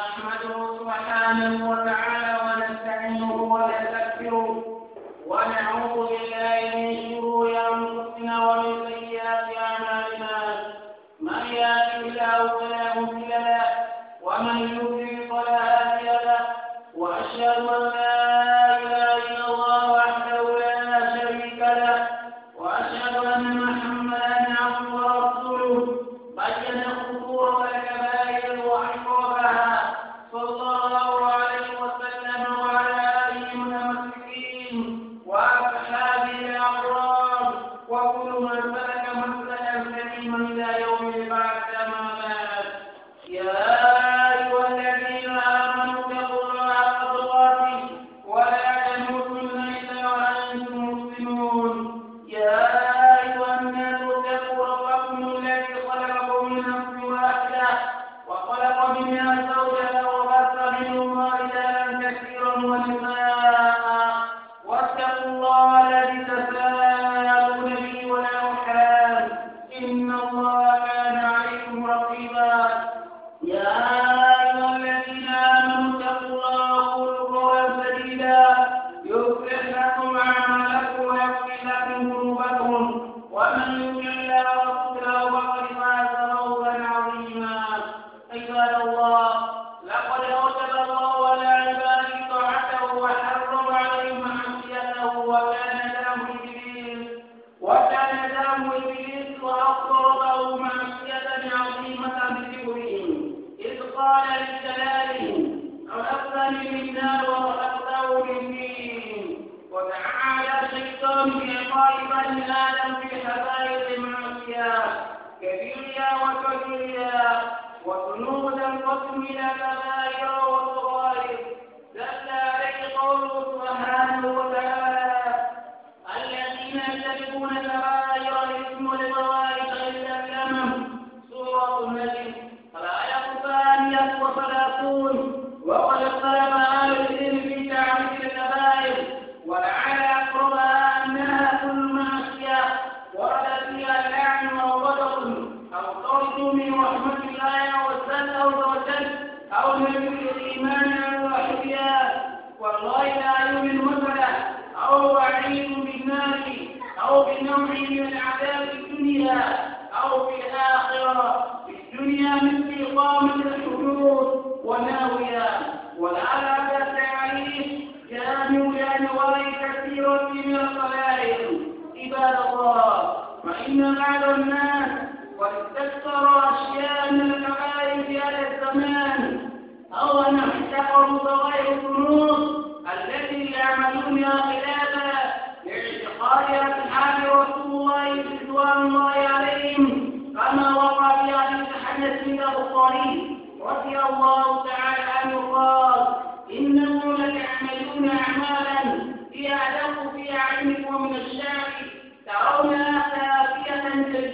نحمده سبحانه وتعالى ونستعينه ونستغفره ونعوذ بالله من شرور انفسنا ومن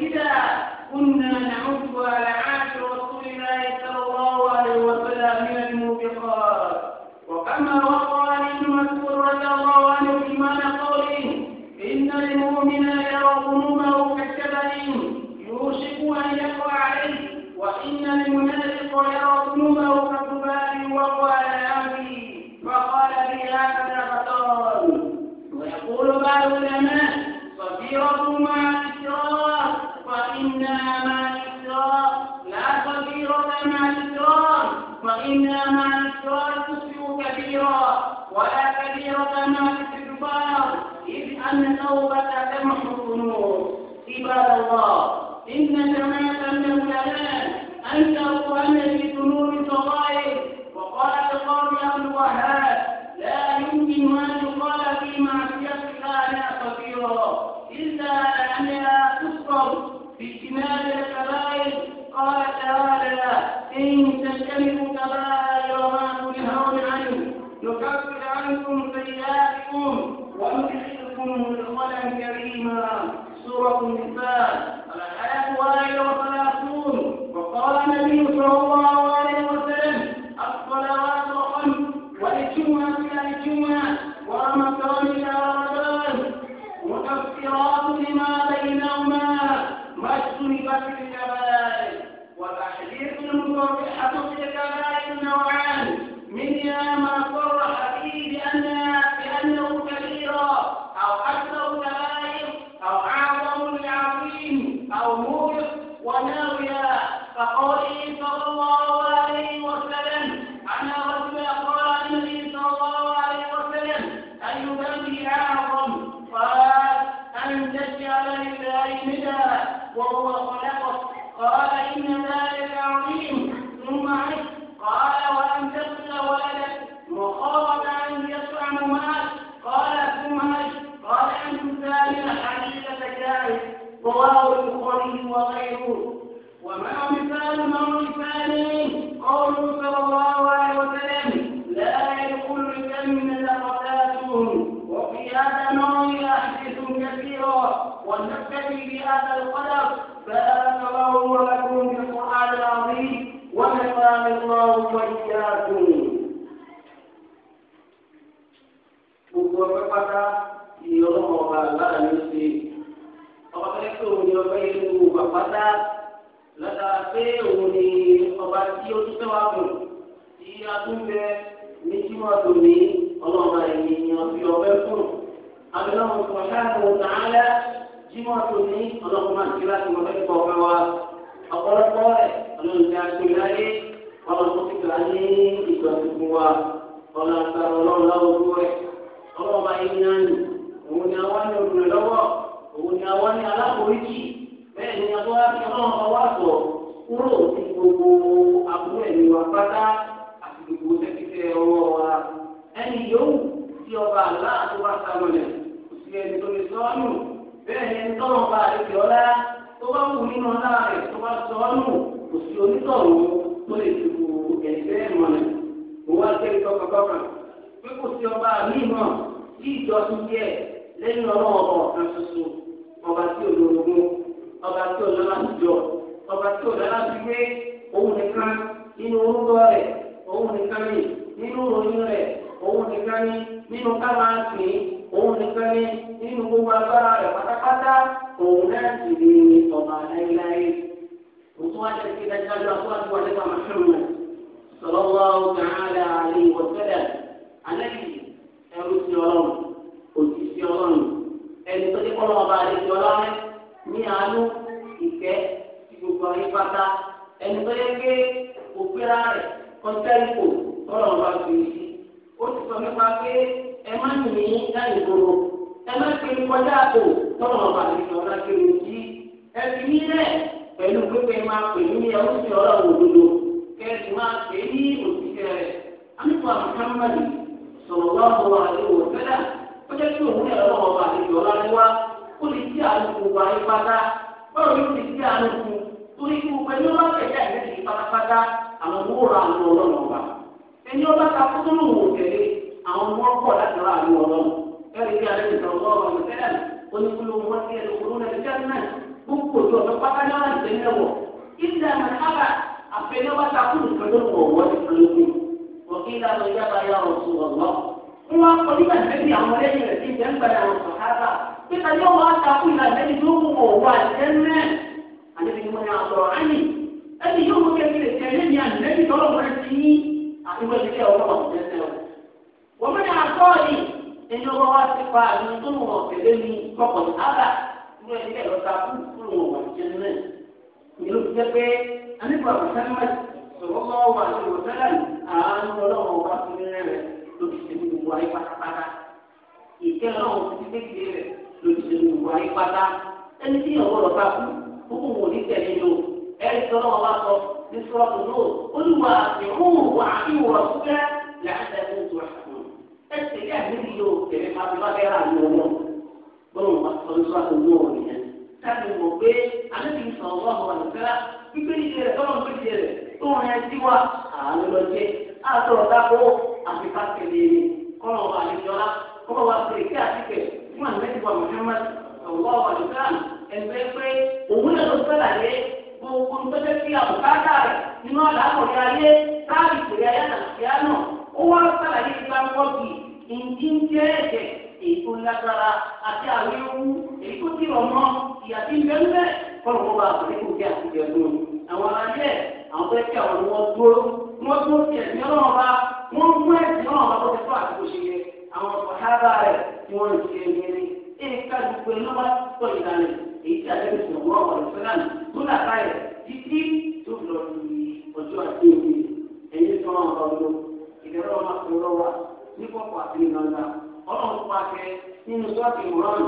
إذا كنا إن تجتنبوا كبائر تنهون عنه نكفر عنكم سيئاتكم وندخلكم مدخلا كريما سورة النساء الآية واحد وثلاثون وقال النبي صلى الله عليه وسلم الصلوات خمس والجمعة إلى الجمعة ورمضان إلى رمضان مكفرات لما بينهما ما اجتنبت الكبائر والأحاديث المصرحة بكبائر نوعان منها ما صرح به بأنها بأنه كبيرة أو أكثر كبائر أو أعظم العظيم أو موت وناوية كقوله صلى الله عليه وسلم أنا رجل قال النبي صلى الله عليه وسلم أي ذنب أعظم قال أن تجعل لله ندا وهو قال إن ذلك عظيم ثم عد قال وأن تقتل ولدك مخافة أن يطعم معك قال ثم عد قال أن تسامح حقيقة كاره رواه البخاري وغيره وما مثال من مثاله قوله صلى الله عليه وسلم لا يدخل الجنة قتاتهم وفي هذا النوع أحدث كثيرا ونقتدي بهذا القدر فآمن الله لكم بالقرآن العظيم ونفعني الله وإياكم gbogbo ọpẹ́ pátá ni ọlọ́mọ ọba alára ló ṣe ọpẹ́ tó ní ọpẹ́ inú ọba pátá látara pé òun ni fún abẹ́lẹ́ ọmọ ìfọ̀ṣà lẹ́ tí wọ́n tó ní ọlọ́kùnrin àti láti wọ́n fẹ́ kọ́ ọ̀fẹ́ wa ọ̀pọ̀lọpọ̀ rẹ̀ ọlọ́ọ̀dẹ aṣèláyé ọlọ́ọ̀tún ti gbà ní ìgbà tuntun wa ọlọ́ọ̀tà ọlọ́ọ̀láwọ̀ ojú rẹ̀ ọlọ́ọ̀bá yìí náà nì òun ni àwọn ní olùrẹ̀ lọ́wọ́ òun ni àwọn ní alákòóríjì bẹ́ẹ̀ ni àwọn akẹ́kọ̀ọ́ wa sọ kúrò sí gbogbo àbúrò ẹ̀mí wa pátá àti gbogbo tẹ̀kítẹ̀ ọwọ́ wa ẹni yòówù tí ọba àlá àti wàásù àmọ̀lẹ̀ bẹ́ẹ̀ ni tọ́lọ̀ bá àlejò ọlá tó bá wù nínú ọlá rẹ̀ tó bá sọ ọ́ nù kò sí onítọ̀hún tó lè ti wù ẹ̀jẹ̀ ìmọ̀lẹ̀ òun àgbẹ̀rẹ̀ tọkàntọkàn pé kò sí ọba mi mọ̀ tí ìjọsìn díẹ̀ lẹ́yìn ọlọ́wọ́ ọ̀kan ṣoṣo ọba tí olórogún ọba tí olólàjọ ọba tí olólàjúwé òun nìkan nínú orúkọ rẹ̀ òun nìkan nínú òyìn rẹ̀ òun nìkan nínú ká máa sìn òun nìkan ni nínú gbogbo agbára rẹ̀ pátápátá òun náà sì ni ọba láéláé òtún wá jẹ́ kí dájúdájú aṣáájú wa nípa màṣúrù sallallahu ta'ala alaihi wa sallam alẹ́ yìí ẹrú sí ọlọ́run òjìṣẹ́ ọlọ́run ẹni tó ní kọ́ lọ́wọ́ bá àlejò ọlọ́run ní àánú ìfẹ́ ti gbogbo ayé pátá ẹni tó yẹ pé òpin rárẹ̀ kọjá ipò tọ́lọ̀ bá fi sí ẹ má ní láì gbòòrò ẹ má fi kọjá àpò tọ́lọ̀ ọba àlejò ọ̀la kiri yìí ẹ fi nílẹ̀ pẹ̀lú pípẹ́ máa pè ní ẹ ó sì ọ̀rọ̀ òdodo kẹ́ ẹ sì máa pè ní òṣìṣẹ́ rẹ̀ àmìkọ́ àmì sọ̀rọ̀ wá mọ́ àlejò ọ̀fẹ́lá ó jẹ́ kí òun ẹ̀rọ ọba àlejò ọ̀la ni wá ó lè jí àlùkò wà ní pátá bọ́ọ̀ yóò lè jí àlùkò torí kí gbogbo ẹni ọba tẹ̀lé àìsí pátápátá àwọn owó ra àwọn ọlọ́run ọba àwọn wọn pọ̀ láti rà ní ọlọ́run ẹ̀rí bí alẹ́ nìkan ọlọ́run ọ̀rọ̀ tẹ́lẹ̀ oníkúlù wọn ti ẹ̀rọ kúrú náà níjà náà gbogbo tó ọ̀dọ́ pátá ní ọ̀rọ̀ ìṣẹ́ níwọ̀ ìdá àmàlà àfẹnẹ́wà takùnù pẹ̀lú ọ̀wọ́ ti pẹ̀lú ọ̀kíńdà lọ yára yára ọ̀sùn ọ̀lọ́ wọn kọ nígbà tẹ́lẹ̀ àwọn ẹlẹ́yìn rẹ̀ ti jẹ́ ń ni mo ní asọ̀rọ̀ ẹni ẹni yóò mú kẹ́kẹ́ ti ní àti wọ́n ti tẹ̀ ọlọ́wọ́ àti tẹ̀sẹ̀ wọ́n mú ní àtọ́ọ̀lì ẹni ọba wa ti fa àmì tó mú wọn pẹ̀lẹ́ ní kọ́kọ́ ní ábà ní ẹni bẹ́ẹ̀ lọ́ta fún fún wọn wà jẹ́ náà ní ló jẹ́ pé anígbà mùsàlámà sọ̀rọ̀ mọ́ wà ní mùsàlámà àánú ọlọ́run wa fún rẹ̀ rẹ̀ lóbi ṣe ní gbogbo ayé pátápátá ìkẹ́ ọlọ́run ti fi kékeré rẹ̀ lóbi ṣe ní gbogbo ayé pátá ẹni tí ìyàwó lọ́ta fún fún wọn ní tẹ̀lé lò ẹni sọ̀rọ̀ wọn bá sọ ní sọ́ọ̀tù náà ó ní wà á fi hùwà á fi wọ̀ ẹsẹ̀ yẹ níbi yóò tẹ̀lé pàtẹ́pàtẹ́ rà ní ọwọ́ gbọ́dọ̀ wà sọ́dúnṣọ́ owó ọ̀rẹ́ yẹn káàdì mọ̀ pé alẹ́bí sọ̀rọ̀ wà wà nìkẹ́lá pípé ìṣe rẹ̀ tọ́lọ̀ pé ìṣe rẹ̀ tó rìn ẹtí wa àánú lọ jẹ́ àtọ̀rọ̀ dáko àti pàtẹ́lẹ̀ kọ́nà wà nìjọ́lá kọ́nà wà pé kí àtìkẹ́ fún àmẹ́tí wa Muhammad sọ̀rọ̀ wà nìkẹ́lá ẹ̀fẹ́ pé òun náà ló fẹ́ làyé gbogbo nígbàtẹ́ sí àbùkátà rẹ̀ nínú àlàkọ̀ọ́yà ayé káàdì ìṣẹ̀lẹ̀ ayé àtàkìyà náà ó wá sàlàyé nípa pọ́ọ̀kì ìdí ń jẹ́ ẹ̀jẹ̀ èyí tó lágbára àti àwọn ewu èyí tó ti rọ̀ mọ́ ìyá tí ń bẹ ń bẹ kọ́ọ̀rọ̀ wọn bá àbúrẹ́ kò jẹ́ àtijọ́ lóun àwọn alẹ́ àwọn fẹ́ kí àwọn wọn dúró wọn dúró kí ẹ̀mí ọlọ́run bá wọn mú ẹ̀sìn ọlọ́run bá bọ́sẹ̀ fún àtúkò ṣe yẹ àwọn ọ̀hábà rẹ̀ tí wọ́n ń ṣe eré èyí ká gbogbo ẹ̀ lọ́wọ́ pọ̀ ìlànà èyí tí àlẹ́ ìṣòro wọn wà lọ́sẹ̀ náà tó làkà rẹ̀ títí tó lọ sí ọjọ́ àti ìwé ẹ̀yìn tó wọn bá wọn ìdẹ́rẹ́ ọmọ àkùnrin wa ní pọ̀pọ̀ àti ìgbàgbà ọlọ́run pa kẹ nínú sọ́ọ̀tì ìmọ̀ràn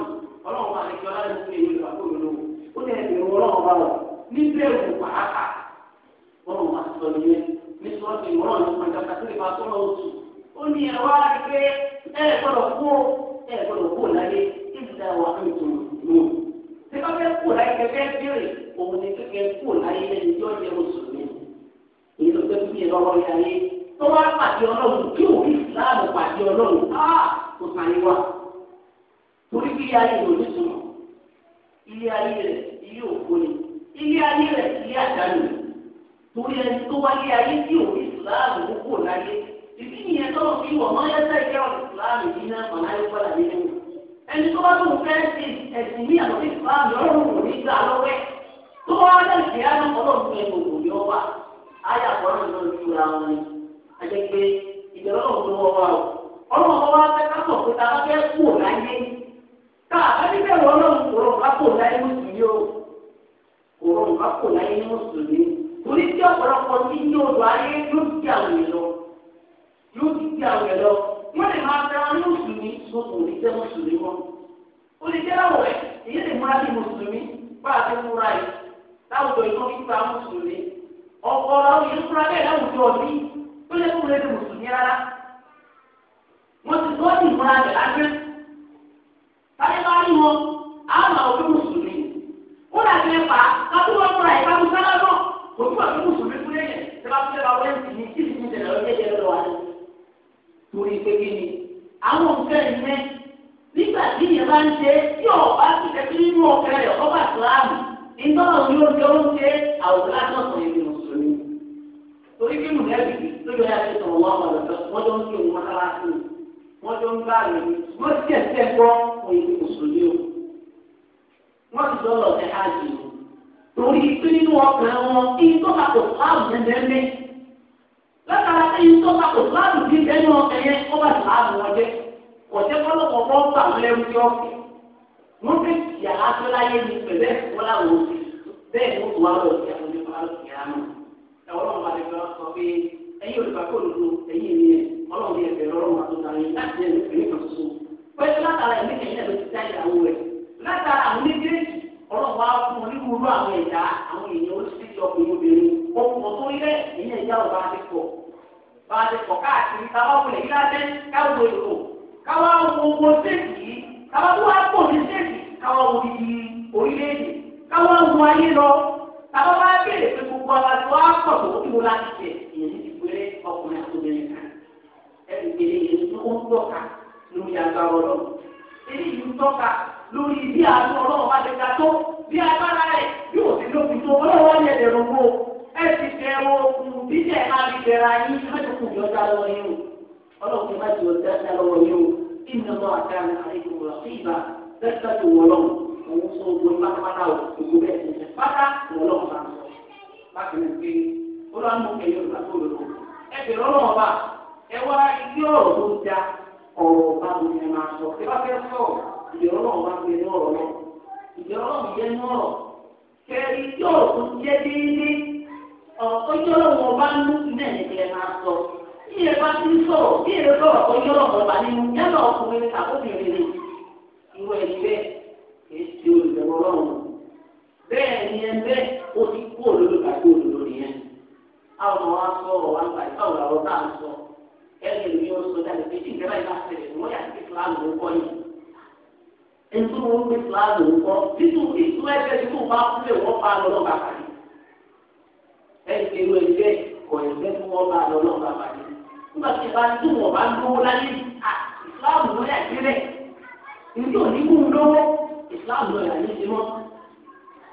ọlọ́run pa àlejò aláìsí ní ìlú àkóyòló ó ní ẹ̀sìn ìwọ ọlọ́run bá wọ̀ ní bẹ́ẹ̀rù pàápàá ọlọ́run wa sọ nìyẹn ní sọ́ọ̀tì ìmọ̀ràn ní pàjáka tó lè máa tó lọ sùn ó ní ẹ wá rí pé ẹ gbọ́dọ̀ kú ẹ gbọ́dọ̀ kú láyé ìdílé wa ń tún lò tí bá fẹ́ kú láyé kẹfẹ́ bèrè òun ni kẹfẹ́ kú láyé lẹ́yìn tí ó yẹ oṣù mi èyí ló fẹ́ fún mi lọ́wọ́ yáyé tó wá pàdé ọlọ́run kí òun ìsìláàmù pàdé ọlọ́run á ah, kò sàn yín wá. torí bí ayé rẹ̀ onísùnmọ̀ ilé ayé rẹ̀ ilé òkú ni ilé ayé rẹ̀ ilé àdánù torí ẹni tó wá ilé ayé tí òun ìsìláàmù kókó láyé ìdí nìyẹn tọ́lọ̀ fi wọ̀ mọ́ yẹ́sẹ̀ ìjẹ́ ìsìláàmù yìí náà kàn láyé padà nínú ẹni tó bá tó fẹ́ ṣe ẹ̀sìn ní àwọn ìsìláàmù ọlọ́run kò ní gbà lọ́wẹ́ tó wá lẹ́sìn á lọ́kọ́ lọ́kùnrin kò kò àjẹpé ìjọba náà tó wọ́n wá o ọlọ́run ọba wa fẹ́ ká mọ̀ pé ta bá fẹ́ kú láyé ká àbẹ́bí bẹ̀rù ọlọ́run kò rọrùn ká kú láyé mùsùlùmí o kò rọrùn ká kú láyé mùsùlùmí torí tí ọ̀pọ̀lọpọ̀ tí ní odò ayé yóò ti àwọn èlò yóò ti ti àwọn èlò wọ́n lè máa fẹ́ wọn ní mùsùlùmí gbogbo òní jẹ́ mùsùlùmí wọn ó lè jẹ́ láwọ̀ rẹ̀ èyí lè múra tó yẹ kó lè mùsùlùmí rárá wọ́n ti wọ́n ti múra rẹ̀ lágbẹ́ táyé bá rí wọn àwọn àwọn òbí mùsùlùmí ó dàbí ẹ̀fà kápú wọn múra ẹ̀fà tó sábà náà kò tí wọ́n fi mùsùlùmí fún lẹ́yìn tẹ́ bá fẹ́ bá wọ́n ti ní kí ìsinmi tẹ̀lé ọjọ́ ìjẹ́ lọ́wọ́ wa torí pé kí ni àwọn nǹkan ìyẹn nígbà tí ìyẹn bá ń ṣe tí ọ̀bá ti tẹ̀sí nínú ọ̀kẹ́rẹ́ ọ̀kọ́ bàtúrà àmì ìtọ́nà yóò jọ ń ṣe àwòrán náà sọ̀rọ̀ torí kí mo lẹ́bi tó yẹ ẹ́ tó wọ́n wọ́n lọ́dọ̀ wọ́n jọ ń kí wọn kára sí i wọ́n jọ ń bá mi wọ́n ti ẹ̀sẹ̀ gbọ́ òye ní mùsùlùmí o wọ́n ti lọ lọ ẹ̀ hajj o torí pé nínú ọkàn wọn kí n tó kàkó láàbù ẹ̀mẹ́mẹ́ látara kí n tó kàkó láàbù kí ẹnu ọkàn yẹn kó bá láàbù wọn jẹ ọ̀jẹ̀ kọ́lọ́kọ̀ kọ́ gbà lẹ́nu yọ wọ́n fi yàrá tó láyé ní pẹ̀lẹ́ wọ́n láwọn òsì bẹ́ẹ̀ ni wọ́n wá lọ sí àwọn onífàlùkì àná ọlọ́run bá lè fẹ́ sọ pé ẹ̀yin olùkọ́ òdodo ẹ̀yin ni ọlọ́run bí ẹ̀fẹ̀ lọ́rùn àtúntàrí láti ẹ̀mí ẹ̀mí kan ṣoṣo. pẹ̀lú látara ẹ̀mí kẹ̀yìn ẹ̀mí ti dá ìyàwó rẹ̀ látara àwọn méjèèjì ọlọ́run wá fún onírúurú àwọn ẹ̀dá àwọn èèyàn oríṣiríṣi ọkùnrin obìnrin okùnrin tó ilẹ̀ ẹ̀yìn ẹ̀yà ọba ti pọ̀ bá a ti pọ̀ káàkiri táwa wọlé yìí lábẹ́ káwọ èrò káwa wo owó sèkì káwa tó wá pọ̀ ní sèkì káwa wo ibi orílẹ̀-èdè káwa wo ayé lọ Tàbá wá béèrè pé gbogbo ọba tí wọ́n á pọ̀ tó kí mo láti tẹ̀ ìyẹn ti péré ọkùnrin àtòbìnrin kan. Ẹ̀sìn kele èyí tó ń tọ́ka lórí agbára ọlọ́run. Èyí yìí ń tọ́ka lórí bí àánú ọlọ́run bá ti ga tó bí agbára rẹ̀ bí òsì lóbi tó ọlọ́run wá ní ẹ̀dẹ̀ rògbò. Ẹ ti tẹ ohun bíjẹ̀ àbíbẹ̀rẹ̀ ayé mẹ́tòkùn yọjá lọ́wọ́ yín o. Ọlọ́run má ti yọjá lọ́wọ́ yín o. Kí ni ọlọ́run àti àwọn àlejò òun sọ ogun pátápátá o òun bẹ́ẹ̀ ti ṣe pátá òun lọ́wọ́ bá ń sọ láti rí pé ó lọ́wọ́ mú kẹyọ ìgbà tó lọ́wọ́ ẹ bẹ̀rẹ̀ ọlọ́wọ́ bá ẹ wá ilé ọ̀rọ̀ tó ń da ọ̀rọ̀ bá mi ẹ máa sọ ẹ bá fẹ́ sọ ìdẹ̀rọ̀ ọlọ́wọ́ bá mi ní ọ̀rọ̀ náà ìdẹ̀rọ̀ ọlọ́wọ́ yẹn ní ọ̀rọ̀ kẹrin ilé ọ̀rọ̀ tó jẹ́ déédéé ọjọ́ ọlọ́wọ́ bá ń lù náà ẹ máa sọ bí ẹ bá ti ń sọ̀rọ̀ bí ẹ bá ọ̀rọ̀ ọjọ́ ọlọ́wọ́ bá nínú yálà ọkùnrin tàbí kìí ṣe olùdẹ̀mọ́ ọlọ́run bẹ́ẹ̀ ni ẹ bẹ́ẹ̀ ó ti kú òdodo kàdé òdodo nìyẹn àwọn ọmọ wa sọ ọ̀rọ̀ wa ń gbà ìfọ̀ ọ̀rọ̀ ọ̀rọ̀ náà sọ ẹni èmi yóò sọ jáde pé tí ìjọba ìbá ṣẹlẹ̀ ni wọ́n yà sí fúlàmù ló kọ́ yìí ètò wọn gbé fúlàmù ló kọ́ títú ìtú ẹgbẹ́ tí kò bá kúlẹ̀ wọ́n bá lọ lọ́ba pàdé ẹni tí ẹgbẹ́ kọ̀ ẹgbẹ́ tí wọ́n bá lọ lọ́ba pàdé nígbà tí ìbá tí wọ́n bá lówó láyé ìsìláàmù lọ yàrá yìí mọ́.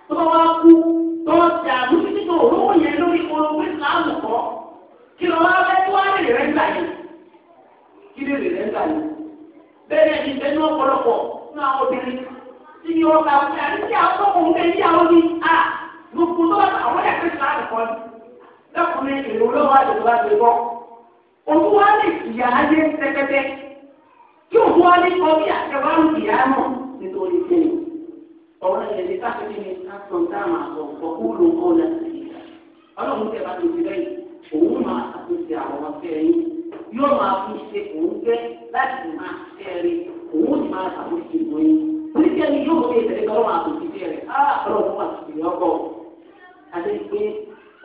tó wá kú tó ti àmú títí tó olówó yẹn lórí olówó ìsìláàmù kọ́ kí lọ́wọ́ abẹ́ tó wá lè rẹ̀ gbà yìí kí lè rẹ̀ gbà yìí. bẹ́ẹ̀ ni ìgbẹ́ ní ọ̀pọ̀lọpọ̀ fún àwọn obìnrin tí ni ọ̀gá ọ̀gá àti tí àwọn ọkùnrin bẹ́ẹ̀ ní àwọn ní à gbogbo tó wá àwọn yàtọ̀ ìsìláàmù kọ́ ni lọ́kùnrin èrò lọ́wọ́ àdìgbò àdìgbò òun wá lè nítorí pé ọ̀rọ̀ yẹn ní káfíńtì ní káfíńtì táwọn àgbọ̀ ọ̀kú ló ń kọ́ láti ìgbà ọlọ́run tẹ̀ bá ti ti lẹ́yìn òun máa àtúnṣe àwọn ọ̀fẹ́ yín yóò máa fi ṣe òun fẹ́ láti máa ṣẹ́ẹ̀rí òun ti máa ṣàkóso ìbò yín oníṣẹ́ ni yóò fi ìtẹ̀lé kọ́ máa tòun ti fẹ́ rẹ̀ á ọlọ́run máa ti fi ọkọ̀ àti pé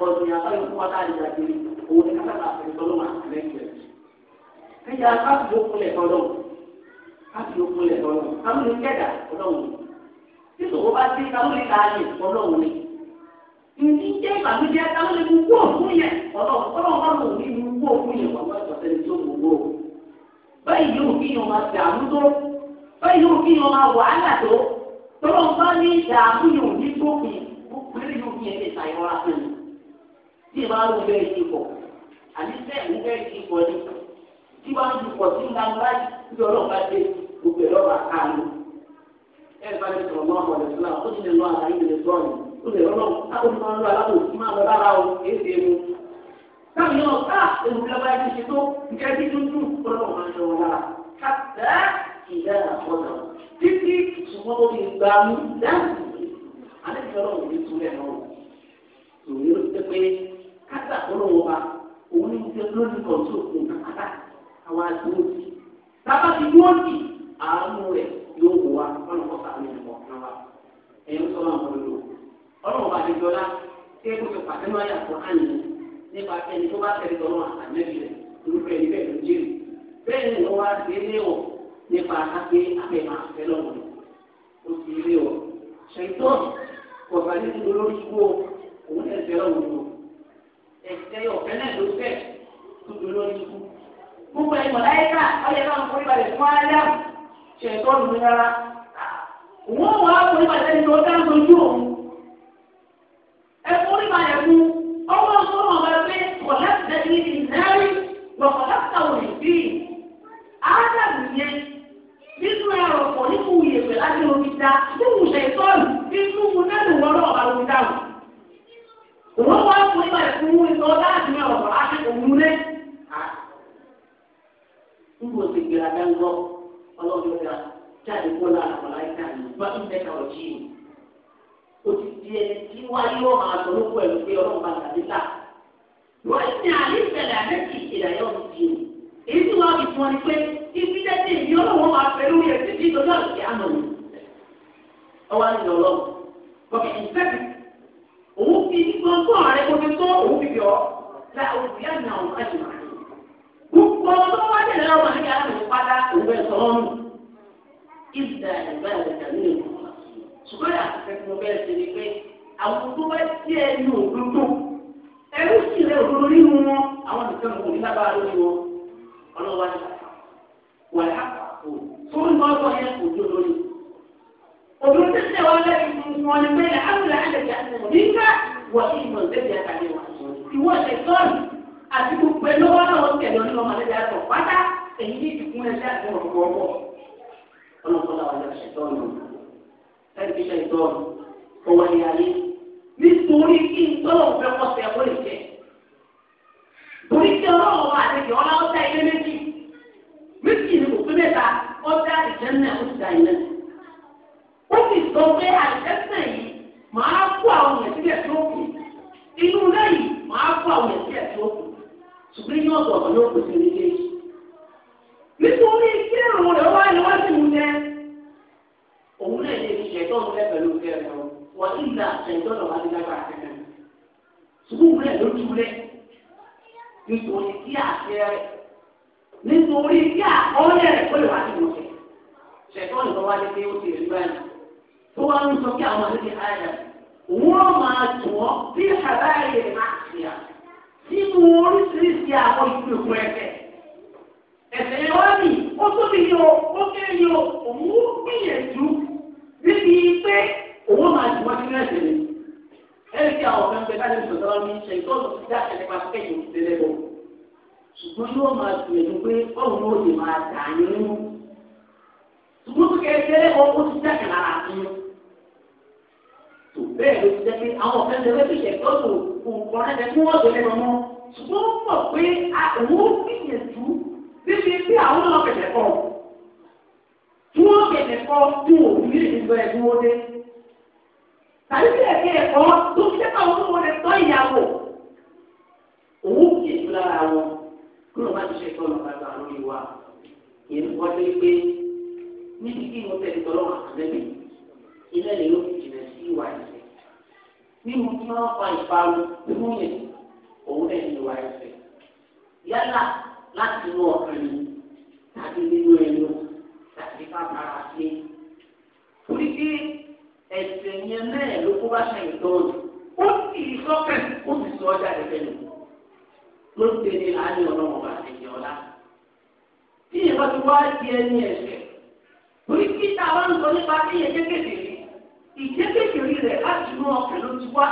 ọ̀sìn àbáyọ̀ fún wa láti dàgbére òun ni káfíńtì àfẹ́sọ́lọ́ máa tẹ̀lé káfí okun lẹ̀ tọ́lọ̀ káwọn lè kẹ́dà ọlọ́run tí sòwò bá dé káwọn lè káà lè ọlọ́run ni ìdí jẹ́ ìbànújẹ́ káwọn lè gbogbo òkun yẹ ọlọ́run ọlọ́run bá lò ní gbogbo òkun yẹ wà wọ́n ìtọ́sẹ́ni tó gbogbo báyìí yóò kí yan máa dààmú tó báyìí yóò kí yan máa wàhálà tó tọ́lọ́ bá ní dààmú yóò ní gbókùn gbókùn yóò kí ẹ lè ṣàyẹ̀wò tí wọ́n á ju pọ̀ sí ńlá ńlá yìí bí ọlọ́run bá dé gbogbo ẹ̀rọ bá ká lò. ẹ bá ní sọ̀rọ̀ mọ́ ọ̀rọ̀ ìṣúná ó ti lè lọ àlàyé ìdílé sọ́ọ̀nù ó lè rọ́ náà á kò máa lọ aláwọ̀ òsì máa lọ lára o kì í ṣe mu. káàmì náà ká ewu kẹfà ẹni ṣe tó nǹkan ẹbí tuntun ọlọ́run máa ń lọ wọn lára kàtà ìyá àkọ́nà títí ṣùgbọ́n ó lè gbà mú dáàbò alẹ́ ìfẹ́ràn òní túlẹ̀ náà tòun ló ti pé kátà ọlọ́wọ́ bá òun ní ti lónìí kọ̀ọ̀tù òkun kàkátà àwọn àdúró ti sábà ti dúró ti àánú rẹ̀ yóò wò wá ọ̀nà kọ́ sàmì ẹ̀mọ́ náà wá ẹ̀yìn sọ náà wọ́n lò ọ̀nà ọba àdéjọ́lá tí èkó ti pàṣẹ náà yà fún àná nípa ẹni tó bá tẹ̀lé tọ́lọ́ àtàmẹ́bí rẹ̀ irúfẹ́ ẹni bẹ́ẹ̀ ló jẹ́rì bẹ́ẹ̀ ni wọ́n wá sí ilé wọ̀ nípa akápé abẹ́mà fẹ́lọ́wọ̀n ó sì ilé wọ̀ ṣètò ọ̀gá nínú olórí wo òun ẹ̀ fẹ́ tó dolórí gbogbo ẹ̀yìn mọ̀láyíkà ọ̀yẹ́ náà kó ìbàdàn fún ayá ṣètò ọ̀nù rárá. Wọ́n wọ́n á kó ìbàdàn ní ọjà ń dojú òun. Ẹ fún ìbàdàn fún ọwọ́ sọ́wọ́n ọ̀gá pé wọ́n láti dẹ́ tẹkinọlọjì yìí òtítì ẹni tí wáyé wọn máa bá tàbí wọ́n ti àlẹ́ ìṣẹ̀lẹ̀ àlẹ́ kì í ṣẹlẹ̀ ayé èyí tí wọ́n fi fún ọ ni pé ibi dẹ́tẹ̀ ìdí ọlọ́run máa fẹ́ àti òun fi kó fi tó òun fi la òbí gbogbo wájú àti pátá òun ṣùgbọ́n àtúntẹ̀ tí mo bẹ́ẹ̀ ṣe ni pé àwọn tó bá jẹ́ ẹni òdodo ẹrú sì rẹ òdodo nínú wọn àwọn nìkan kò ní lábára lórí wọn ọlọ́wọ́ ti bàtà wà lápá kò tó ń bọ́ bọ́ yẹn kò dúró lórí. òdodo tẹ̀sẹ̀ wọn lẹ́yìn fún wọn ni pé àbúlé àlejò àti òdìgbà wọ ìmọ̀ ìgbésẹ̀ àtàlẹ́ wọn. ìwọ ṣe sọ́ọ̀nù àti gbogbo ẹ̀ lọ́wọ́ náà wọ́n tẹ̀lé ọdún ọmọ àlejò àtọ̀ pátá èyí ní ìdìkún ẹ̀ṣẹ̀ àti ọ̀pọ̀ ọ̀pọ̀ ọlọ́pàá ẹ̀rí ṣe ìtọ́nù kó wáyé ayé nítorí kí n tọ́lọ̀ fẹ́ kọ́sẹ̀ ó lè jẹ́ torí kí ọlọ́run wà àtẹ̀jẹ́ ọlá ó dá ilé méjì méjì ni kò pé mẹ́ta ó dá àtẹ̀jẹ́ náà ó ti dá ilé ó sì sọ pé àtẹ̀jẹ́ yìí màá kó àwọn èèyàn síbẹ̀ tó kù inú lẹ́yìn màá kó àwọn èèyàn síbẹ̀ tó kù ṣùgbọ́n ní ọ̀dọ̀ ọ̀dọ̀ ló kù sí ilé nítorí kí èrò òun náà lè fi ṣẹ̀tọ́ ọ̀fẹ́ pẹ̀lú ìfẹ́ rẹ̀ o wọ́n ti gba ṣẹ̀tọ́ ọ̀fẹ́ adigunlá kẹ́kẹ́ sukuu rẹ̀ ló tu rẹ̀ nítorí kí àṣẹ rẹ̀ nítorí kí àkọọ́lẹ̀ rẹ̀ kó lè wá sí ìwòsàn ṣẹ̀tọ́ ìfọwọ́ wá dé ó ti rí báyìí tó wá ń sọ kí àwọn àlejò àyà wọ́n máa tún ọ́ bí àbáyé máa ṣìyà nínú oríṣiríṣi àwọn ìgbèkùn ẹ̀fẹ̀ ẹ̀fẹ̀ yẹn wá ní ó tóbi yìí o ó kéré yìí o òun ó gbìyànjú níbi pé òun máa jù wọ́n nínú ẹ̀sìn ni ẹ̀rí tí àwọn ọ̀fẹ́ ń bẹ láti ìgbà tó wọn ní ṣe ìtọ́jú ti dá ẹ̀rẹ́ pa kẹ́yìn òṣèlè bọ̀ ṣùgbọ́n yóò máa gbìyànjú pé ọ̀hún ó lè máa dà nínú ṣùgbọ́n tó kẹ́ ẹgbẹ́ ọkọ̀ ti dá ẹ̀rẹ́ ara fún un tó bẹ́ẹ̀ ló ti jẹ́ pé àwọn ọ̀fẹ́ ń bẹ tí wọ́n bẹ̀rẹ̀ kọ́ tí wọ́n fi lè gbọ́ ẹ̀dùn wọn dé. Tàbí bí ẹ̀kẹ́ ẹ̀kọ́ tó fi dẹ́ka wọn wọn lè tọ́ ìyàwó. Òun kì í fún lára wọn kí wọ́n bá ti ṣe tọ́ lọ bàbá lórí wa. Ìyẹn ń wọlé pé níbi kí mo tẹ̀lé tọ́lọ́ àtúndẹ́bí ilé rẹ̀ yóò fi jìnà sí ìwà ẹ̀sẹ̀. Bí mo ti máa ń fa ìparun fún yẹn, òun náà ní ìwà ẹ̀sẹ̀. Yálà láti inú ọ̀kan ni tàbí nínú ẹ̀yọ́ àti káfara ṣe. torí pé ẹ̀sẹ̀ yẹn náà ló kó bá ṣe ìtọ́jú ó sì sọ́kẹ̀ ó sì sọ ọjà rẹ̀ fẹ́nu. ló ń tẹ̀lé àárín ọlọ́run àtẹ̀jẹ̀ ọ̀la. tí ìyẹn ti wá di ẹni ẹ̀sẹ̀ torí pé tá a bá ń sọ nípa bí ìyẹn kékeré ìjẹ́kékeré rẹ̀ láti inú ọkẹ̀ ló ti wá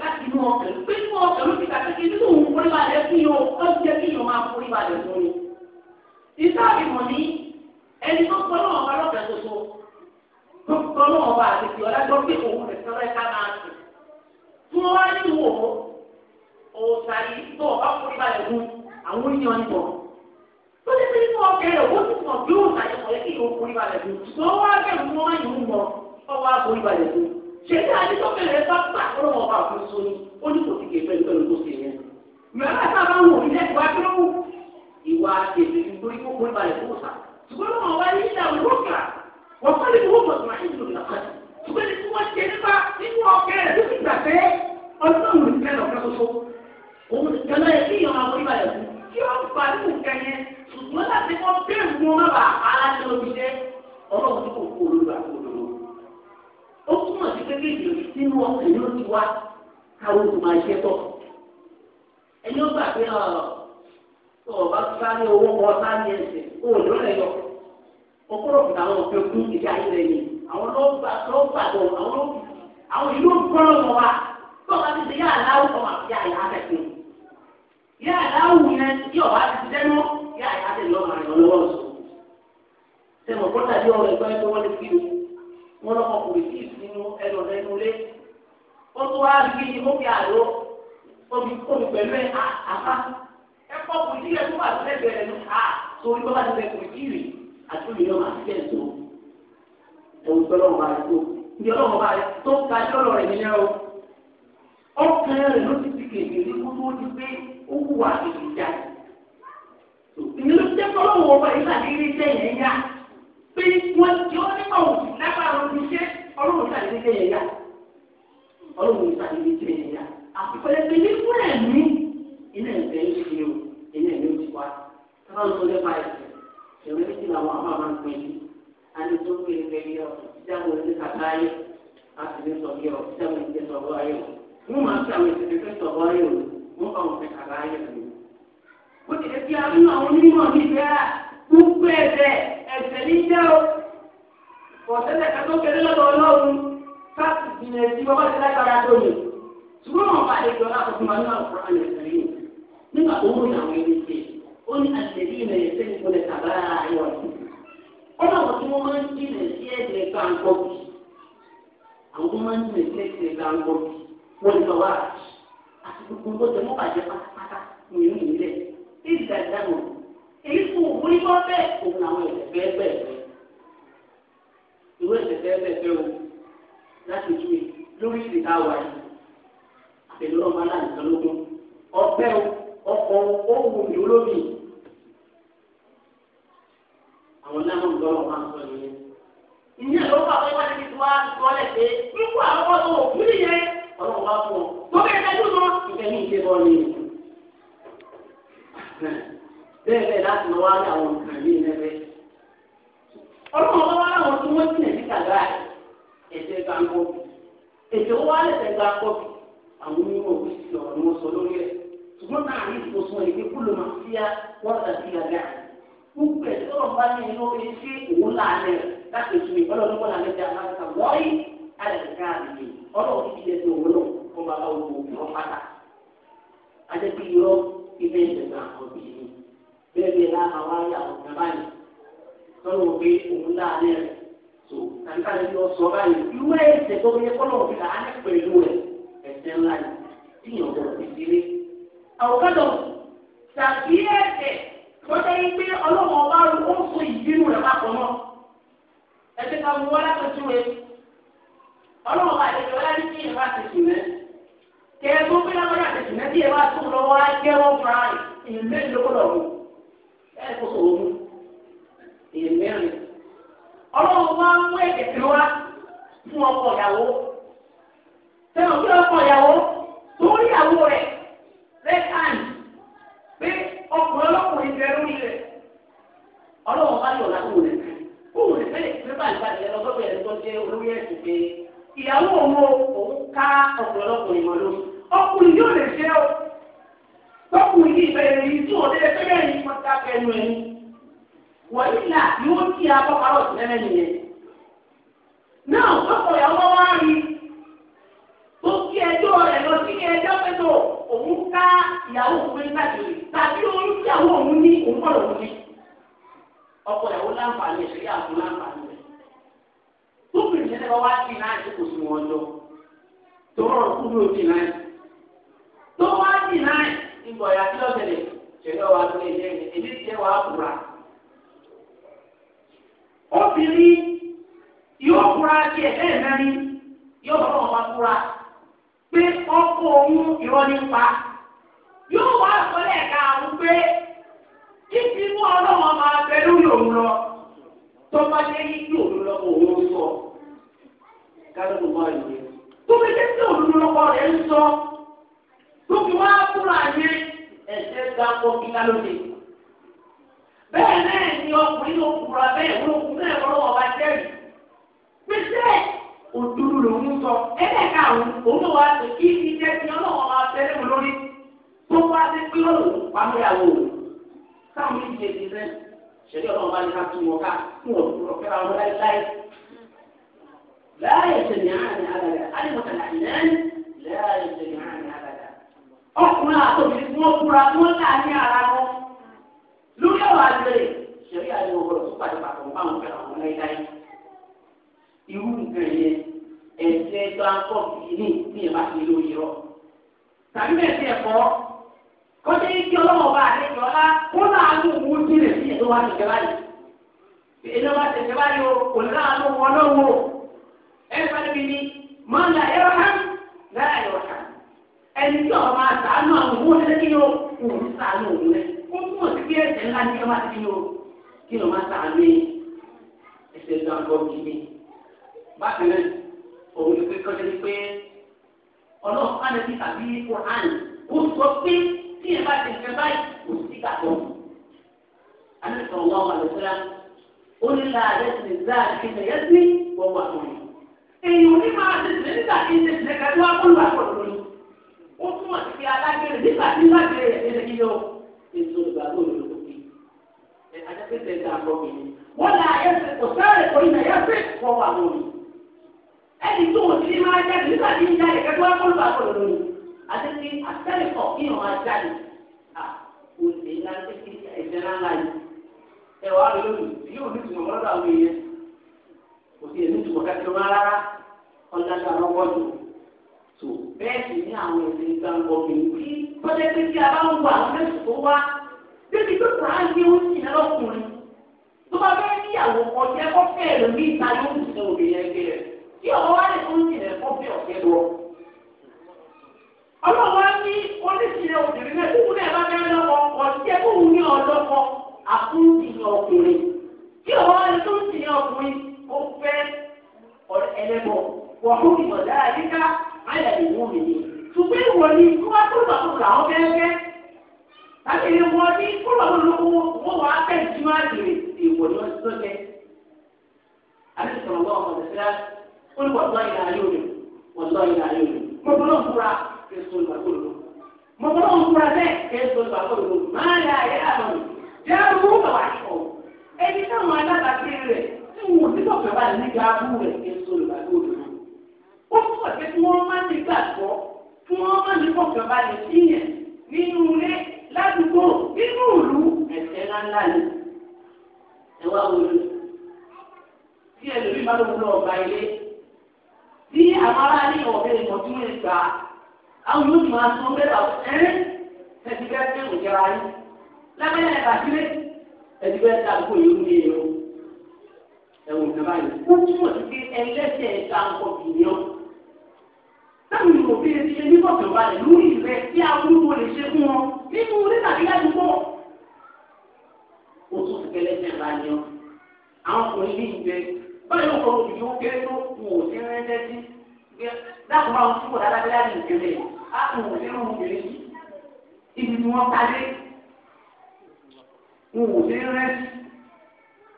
láti inú ọkẹ̀ ló pé inú ọkẹ̀ ló ti kàkéke nínú òun kórìbalẹ̀ fún yóò ó jẹ́ kí yóò máa kórìbalẹ̀ fún mi. ìsáàbì ẹni tó gbọ́ náà ọba lọ́kàn soso tó gbọ́ náà ọba àtẹ̀tẹ̀ ọ̀dájọ́ pé òun rẹ̀ sọ́rọ́ ẹ̀ká máa sùn tí wọ́n wá ní wò ó òòsàn tó ọba kúrò balẹ̀ mú àwọn oníyan ń bọ̀ tó ti fi nínú ọkẹ rẹ̀ ó ti bí òòsàn yìí kọ̀ọ̀yẹ́ kí ìwọ kúrò balẹ̀ mú ṣùgbọ́n wọ́n wá bẹ̀rù wọn máa yìí ń bọ̀ ọwọ́ àkórí balẹ̀ mú ṣètì àdìsọ́kẹ̀rẹ̀ bá gbà ṣùgbọ́n wọn wá ní ìlà òwúrọ̀kà wọ́n kọ́ lè wọ́n bọ̀tún àyè ìlú ìlàkọ́ ṣùgbọ́n ní tí wọ́n ṣe nípa nínú ọ̀kẹ́ rẹ̀ tó ti gbà pé ọlọ́run nìkan lọ ká soso òun nìkan lọ yẹ kí ìyọ̀n àwọn ìbà yẹn kí wọ́n gbà nínú nǹkan yẹn ṣùgbọ́n láti kọ́ bẹ́ẹ̀ mú ọmọ bàbá aláṣẹ omi jẹ́ ọlọ́run tí kò kú olóògbà kó olóró ó túmọ̀ sí kékeré nínú ọkùnrin ló ti wá káwọn òkú máa ṣe tọ̀ ẹni ó gbà pé ọ̀rọ̀ tó o bá sáré owó kọ sáré ẹsẹ̀ o ò lọ́lẹ̀ yọ ọkọ̀rọ̀ fún àwọn òfin kú ìdí ayé rẹ̀ yìí àwọn lọ́gbà lọ́gbà tó àwọn àwọn ìlú gbọ́dọ̀ wọn wa tó o bá ti ṣe yá aláwọ̀ kọ́ máa fi yá àyà rẹ̀ pé yá aláwọ̀ yẹn tí ọba ti ti dẹ́nu yá àyà rẹ̀ lọ́wọ́ rẹ̀ lọ́wọ́ sọ sẹ́wọ̀n kọ́tà bí ọ̀rọ̀ ẹ̀gbọ́n ẹgbẹ́ wọn lè fi wọn lọ́kọ̀ kò lè fi ìsinú ẹnu ẹnu lé ó tó wá rí i ó fi àlọ́ ó fi pẹ̀lú ẹ̀ àpá kọ́kù tí ilẹ̀ tó bá ti lẹ́gbẹ̀ẹ́ rẹ̀ a torí bá bá ti lẹ́kùn ìdílé àti olè yọ̀ọ́ máa ti jẹ́ èso. ẹ̀wù gbọ́dọ̀ wọn bá rẹ̀ tó ní ọlọ́wọ́ bá rẹ̀ tó ka ìṣọ́lọ̀ rẹ̀ nìyẹn o. ọkàn rẹ̀ ló ti ti kéde ní kó tó ti pé ó wù wá kéde já. ìyẹn ló jẹ́ kọ́lọ́wọ́ ọba yìí láti rí iṣẹ́ yẹn yá pé wọ́n ti ọ́ nípa òsì lágbára omi iṣẹ́ ọlọ́run ìsàlẹ̀ yẹn yá ọlọ́run ìsàlẹ̀ ilé ìlú ti wá tọ́lá ń sọ nípa ẹ̀sìn ìwé méjì làwọn àmọ́ máa ń pè é àti tó pé ìfẹ́ yẹ ọ ìjáwó ní kàkà ayé àti ní sọ yẹ ọ ìjáwó ní sọ̀rọ̀ ayé o wọ́n máa ń fi àwọn ìṣẹ̀lẹ̀ fẹ́ sọ̀rọ̀ ayé o wọ́n kọ́ wọn fẹ́ kàkà ayé o. ó ti ẹ̀ fi àbínú àwọn onímọ̀ mi fẹ́ à gbogbo ẹ̀sẹ̀ ẹ̀sẹ̀ ní jẹ́ o ọ̀sẹ̀lẹ̀ kan tó nígbà tó ń ròyìn àwọn ẹni ṣe ó ní àtẹ̀lé ilẹ̀ yẹn sẹ́yìn kò lè tàbá ayọ̀ ọ̀sìn. wọ́n láwọn tí wọ́n máa ń jìnà sí ẹ̀jẹ̀ gbàǹgbọ̀ bì àwọn tó máa ń jìnà sí ẹ̀jẹ̀ gbàǹgbọ̀ bì wọ́n lè lọ́wọ́ àti gbogbo tó tẹ̀ mọ́ bàjẹ́ pátápátá ní ìlú ìlẹ̀ ìgbà ìdáná èyí fún òun ní wọ́n bẹ́ẹ̀ òun àwọn ẹ̀sẹ̀ bẹ́ẹ̀ bẹ́ẹ̀ láti ju lórí ìdíkà wáyé àtẹ̀lé ọmọ aláǹkan o ọkọ̀ ọ̀hún ni olómi. àwọn náà ń lọ́wọ́ máa ń sọ nìyẹn. ìyẹn ló fà wọ́n wáyé kí wọ́n á sọ́lẹ̀ nípa àwọn ọmọ òkú nìyẹn ọlọ́run wá fún ọ. tó bẹ́ẹ̀ dájú lọ ní ìṣe bọ́ ni. bẹ́ẹ̀ bẹ́ẹ̀ láti lọ wá ní àwọn nǹkan yìí nẹ́fẹ́. ọlọ́run wá wá láwọn tí wọ́n ti nẹ̀ níta gbà ẹ̀jẹ̀ gbàǹkọ́ ẹ̀jẹ̀ wọ́n wá lẹ̀sẹ̀ gbàǹkọ́ àwọn onímọ̀ òkú sí ọ̀rọ̀ sọ lórí ẹ̀ ṣùgbọ́n náà rí ìfòsùn èdè kúlò máa fi ya wọ́n ta sí àgbà. gbogbo ẹ̀sìn ọ̀rọ̀ bá ní inú orí sí òun láàlẹ̀ láti ìṣúni ọlọ́run kọ́ làlẹ́ jẹ́ àmàlẹ́ta wọ́ọ̀yì alẹ́kẹ̀kẹ́ àbìyẹ ọlọ́run ti yẹ tó wọ́n lọ kó máa bá gbogbo ìrọ̀ pátá. adébí irọ́ ilé ìjẹ̀dá ọ̀bì yìí bẹ́ẹ̀ bẹ́ẹ̀ láàmà wá yà wọ́n náà báyìí tọ́lọ̀ pé òun láàlẹ́ rẹ̀ tó àbíkálẹ̀ lọ sọ báyìí irú ẹ̀sẹ̀ àwòkọ́dọ̀ tàbí ẹ̀jẹ̀ lọ́jọ́ yìí pé ọlọ́run ọba ó ń so ìbínú rẹ̀ papọ̀ náà ẹ̀jẹ̀ kan mú wá látọ̀jú rẹ̀ ọlọ́run ọba àti ìjọba ní kí ìyẹn bá tẹ̀sí rẹ̀ kẹ́ ẹ tó pé lábẹ́rẹ́ àtẹ̀sí rẹ̀ bí ẹ bá tó lọ́wọ́ á jẹ́ wọ́n fara èèyàn mẹ́rin ló kọ́dọ̀ mú ẹ̀ kó sọ̀rọ̀ mú èèyàn mẹ́rin ọlọ́run wá ń mú ẹ̀jẹ̀ tí wá fún ọkọ ìyàwó sẹ́wọ̀n kí ọkọ ìyàwó sẹ́kàn pé ọkùnrin ọlọ́kùnrin bẹ lórí rẹ̀ ọlọ́wọ́n bá yọ̀ lábúrò rẹ̀ kóòwò rẹ̀ bẹ́ẹ̀ pé báyìí bá yẹ lọ́gbọ́dọ̀ yẹn tó jẹ́ olórí ẹ̀sìn pé ìyàwó òun òun ká ọkùnrin ọlọ́kùnrin mọ́ lórí ọkùnrin yóò lè ṣe ọ́ tọkùnrin yìí bẹ̀rẹ̀ yìí tí òde ẹgbẹ́ yìí wọ́n ká kẹnu ẹni wọ́n yìí là yóò kí abọ́kárọ̀ sílẹ̀ nìyẹn náà ọkọ̀ ìyàwó know. ìjọba yìí iná bá tẹ̀sẹ̀ báyìí o kò ní láwọn ló wọ́n náà wò ẹ bá níbi ni máa ń la ẹ̀rọ hàn lára ẹ̀rọ hàn ẹni tí ọ̀rọ̀ máa sàánú àwọn òun ṣe kí ni o kò ní sàánú òun rẹ̀ ó fún òsì bí ẹ̀sẹ̀ ńlá ní ọba ti ni o kí ni o máa sàánú yìí ẹsẹ̀ náà gbọ́ kí ni bákan náà ni pé kọ́lé pé ọlọ́ọ̀ká lẹ́bi tàbí kò kó sọ pé tí ẹ bá tẹ̀sẹ̀ báyìí kò sí kàtó. النبي صلى الله عليه وسلم قل لا يزني الزاني حين يزني وهو مؤمن èyí ò ní máa tètè nígbà tí tètè nígbà tí wọ́n kó lu àpò lórí ó túmọ̀ sí pé alágbèrè nígbà tí wọ́n gbèrè rẹ̀ nílẹ̀ yíyọ èso ìgbàgbọ́ òdodo kò kí ẹ adẹ́pẹ́tẹ̀ ẹ̀dá àgbọ̀ mi wọ́n là ẹsẹ̀ kò sẹ́rẹ̀ kò ìnà ẹsẹ̀ kọ́ wà mọ́ mi ẹni tó wọ́n ti máa jáde nígbà tí ìjà rẹ̀ kẹ́kọ́ kó lu àpò lórí àti ti àtẹ́lẹ̀kọ̀ ìyàn máa jáde à kò ẹwà rẹ lónìí tí yóò ní ìtumọ̀ lọ́dọ̀ àwọn èèyàn kò sí èmi ìtumọ̀ kẹ́kẹ́ wọn rárá ọ̀nàdà àwọn bọ́ọ̀lù tó bẹ́ẹ̀ sì ní àwọn ẹ̀sìn ìgbàgbọ́ mi kí tọ́jẹ́ pé kí a bá ń wọ àwọn mẹ́sùn tó wá débi tó kà á yé ó sì náà ọkùnrin tó bá bẹ́ẹ̀ níyàwó ọjọ́ ẹ̀kọ́ fẹ́ẹ̀ lómi ìta yóò ń sọ òbí ẹgbẹ́ rẹ̀ tí ọ̀rọ̀ lè fún ìrìn ẹ̀kọ́ fẹ́ lọ. ọlọ́wọ́ á ní oníṣìírẹ́ obìnrin àkúntìyàn ọkùnrin tí ọwọ́ ẹni tó ń tìyàn ọkùnrin ó fẹ́ ẹlẹ́bọ̀ wọ́n fún ìmọ̀ dára yíká ayà ìwú mi ni. ṣùgbọ́n ìwọ ni kó wá tó bàbá òun làwọn fẹ́ẹ́fẹ́ láti ilé wọn ní kó bàbá òun lówó wọn wà á fẹ́ ìdíwọ́ àgbèrè ìwọ ni wọ́n ti tó jẹ. àti wọn ọmọ ìṣẹ́lá ó ní wọ́n lọ ìlà ayé òde wọ́n lọ ìlà ayé òde mọ̀gbọ́n náà yàrá owó bàbá sọ ẹni táwọn alábàágbé rẹ̀ tí wọn ò ní sọ̀tọ̀ bá nígbà abú rẹ̀ ní sọ̀rọ̀ ìbàdí òdòdó ó sọ̀rọ̀ pé kí wọ́n má ní gbàgbọ́ kí wọ́n má ní sọ̀tọ̀ bá lè síyẹn nínú ilé ládùúgbò nínú ìlú ẹ̀sẹ̀ ńláńlá ni ẹ wá wọlé tí ẹlòmíì bá lóun lọ ọba ilé tí àwọn aráàlú ọ̀bẹ ìmọ̀tún lè gbà àwọn yóò máa sọ bẹ́ẹ̀ bá ẹ́ ẹ́ ti bẹ́ẹ̀ fẹ́ òjẹ́ra yìí lábẹ́lẹ̀ ẹ̀ bàtílé ẹ̀dí bẹ́ẹ̀ ta kó yóò ní èrò ẹ̀wọ̀n náà báyìí ó túmọ̀ sí pé ẹlẹ́sẹ̀ ẹ̀ka ọkọ̀ kìnìún táwọn ìlú òfin ti ṣe ní bọ̀tọ̀ balẹ̀ lórí rẹ̀ tí awúrúwo lè ṣe fún wọn nínú orí tàbí láti pọ̀ ó tún fi ẹlẹ́sẹ̀ bá ní ọ àwọn ọkùnrin ní ìgbẹ báyìí wọn kọ olùdíje ó kéré tó wò ó sí rẹ́ńdẹ́sí dákùn máa ń túbọ̀ dáadáa bí láti ìkẹlẹ̀ á tún wò obìnrin yìí ibi ni wọ́n parí ń wò lé rẹ́sì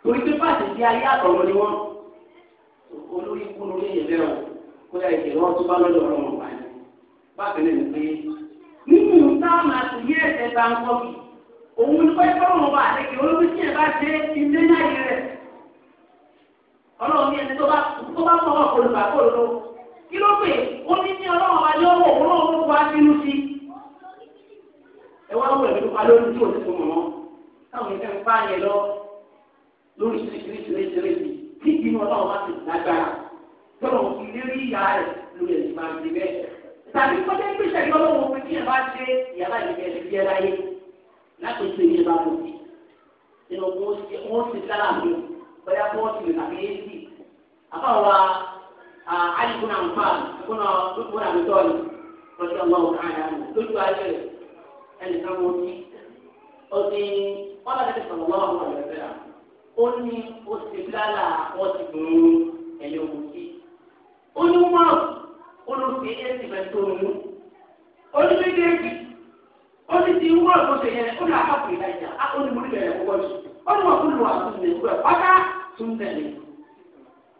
torí pé bá àtẹ̀jẹ́ ayé àtọ̀run ni wọ́n olórí ikú lórí èyẹ bẹ́ẹ̀ o kó yà ìjẹ́ wọn tó bá lọ́dọ̀ ọ̀rọ̀ wọn wáyé bákan náà ní pé nínú táwọn àtúnyẹ ẹ̀sẹ̀ bá ń kọ́ bì òun ní pẹ́ fọ́ọ̀rọ̀ wọn bá àtẹ̀kẹ́ olórí tí ẹ̀ bá ṣe ilé náà yẹ rẹ̀ ọlọ́run ní ẹni tó bá tó bá fọwọ́ kọlùbà kọlùbà kí ló pè ó ní ní ọlọ́run wa ní ọwọ́ òun náà ó wá sínú sí ẹ wá wọ̀ ẹ̀ táwọn ẹgbẹ́ ń pààyàn lọ lórí ṣèṣiríṣiríṣiríṣi tí ìgbìmọ̀ náà wá sí lágbára tọ́lọ̀ fi lérí ìyá rẹ̀ lórí ẹ̀sìn máa ń di bẹ́ẹ̀. tàbí kọjá ìgbésẹ̀ yọ lọ́wọ́ pé kí ẹ bá ṣe ìyàrá ìgbẹ́ ẹ̀sìn yẹ láyé lápèjọ ìyẹn bá lò sí. nínú wọn ti sára mi bóyá bọ́ọ̀sì rẹ̀ tàbí èsì. àbáwọ̀ àyíkúnà nǹkan kúnà lókùnrin àbítọ́ọ̀lù lọ́jọ́ ọlọ́run káàdà lójú ayé rẹ̀ ẹnìkan mọ́ sí. ó ti wọn lọ sí sọlọ wọn àwọn ọmọ ẹgbẹ́ náà ó ní ó ti lálà wọn ti gùn ún ẹyẹ wò sí ó ní wọn olùsè ẹsì bẹ tó nù ó ní méjèèjì ó ti di wọn tó ṣe yẹn ó ní àpapọ̀ ìdájà á ó ní mo ní bẹ̀rẹ̀ kọ́kọ́ jù ó ní wọn kó lu àtúntẹ̀ ìgbẹ́ pátá tún tẹ̀lé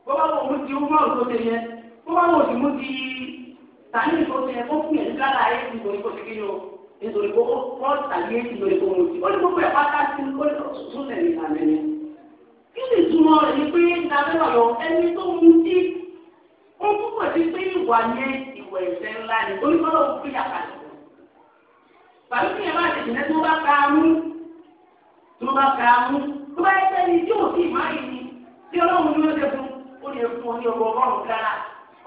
bó bá wọn mú ti wọn tó ṣe yẹn bó bá wọn sì mú ti tàní ìfọ̀ṣẹ̀ yẹn tó fún yẹn ní lálà ayé ìgbòho ìfọ̀ṣẹ̀ kí ni o nítorí pé wọ́n tàbí èyí lórí pé wọ́n ti. ó ní gbogbo ẹ̀ pátá sí ó ní ọ̀sùn lẹ́yìn ìlànà yẹn. kí ni ìtumọ̀ rẹ̀ ni pé dábẹ́ ọ̀yọ́ ẹni tó mu sí ó púpọ̀ sí pé ìwà yẹn ìwà ẹ̀ṣẹ̀ ńlá ni oníkọ́lọ́ ń fi àkàtà. bàbá mi yẹn bá ti jìnnà tí wọ́n bá ka mú tí wọ́n bá ka mú tó bá yẹ sẹ́ni tí ò sí ìmáyé ni tí ọlọ́run ní ó ṣe fún ó lè fún ọ ní ọgbọ ọgọ́rùn-ún kára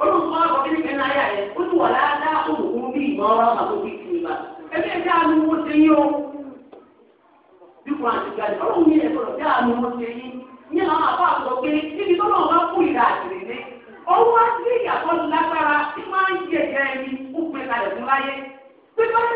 olùkọ́ ọ̀rọ̀ kí ni kẹ́ni ayé rẹ̀ ó ti wà láàdá òkú bí ìmọ̀ ọ̀rọ̀ àbàkù bí ìtura ẹbí ẹbí àánú wọn ṣe yín o bí kò àti gbàdé ọlọ́run yẹn ẹ̀kọ́ àánú wọn ṣe yín ní àwọn àbá àtọ̀ pé níbi tó náà wọn kú ìlà àjèrè ní ọwọ́ sí ìyàtọ̀ lágbára tí máa ń yẹ ẹ̀jẹ̀ ẹni ó pin kalẹ̀ fún láyé pé bá ṣe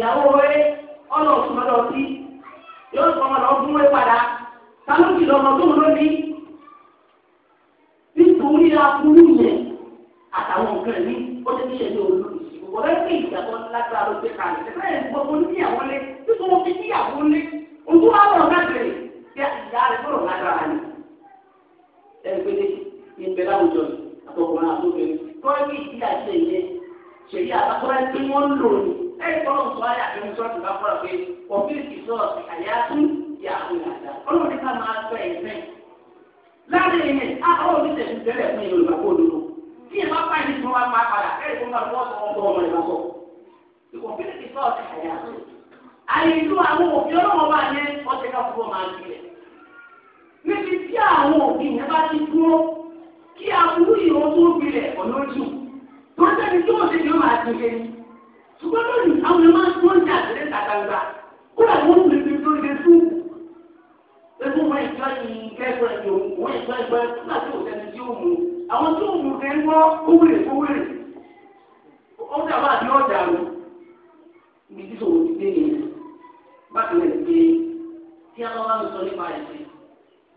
有会。tẹ́lẹ̀ fún ìlú ìgbà kó dodo tí ìlú apá ìlú tí wọ́n bá máa padà ẹ̀rì tó ń bá wọ́n sọ wọn bọ́ ọmọ ìlú sọ. ìkọ̀pínlẹ̀ ti sọ ọ̀sẹ̀ àyà tó. àyè ìlú àwọn òbí ọlọ́wọ́ bá yẹn ọ̀sẹ̀ náà fún ọmọ àti rẹ̀. níbi tí àwọn òbí yẹn bá ti dúró kí aburú ìwọ tó gbilẹ̀ ọ̀nà ojú tó ń tẹ́ni tí wọ́n ti di ọmọ àti rẹ̀ ni. ṣùgbọ́n lónìí àwọn ẹ̀ máa ń tó ń jà sílẹ̀ tàgbàgbà kó àwọn òbí tó ń gbé fún. ebi wọn ìjọ yìí kẹ́kọ̀ọ́ ẹ̀jọ̀ wọn ìjọ ń tí ó mú àwọn tí ó mú kẹ́ ń gbọ́ kówèrè kówèrè ọjà máa ní ọjà rẹ̀ ibi tí sòwò ti dé nìyẹn bákan náà ti gbé tí a bá ń sọ nípa ẹ̀sìn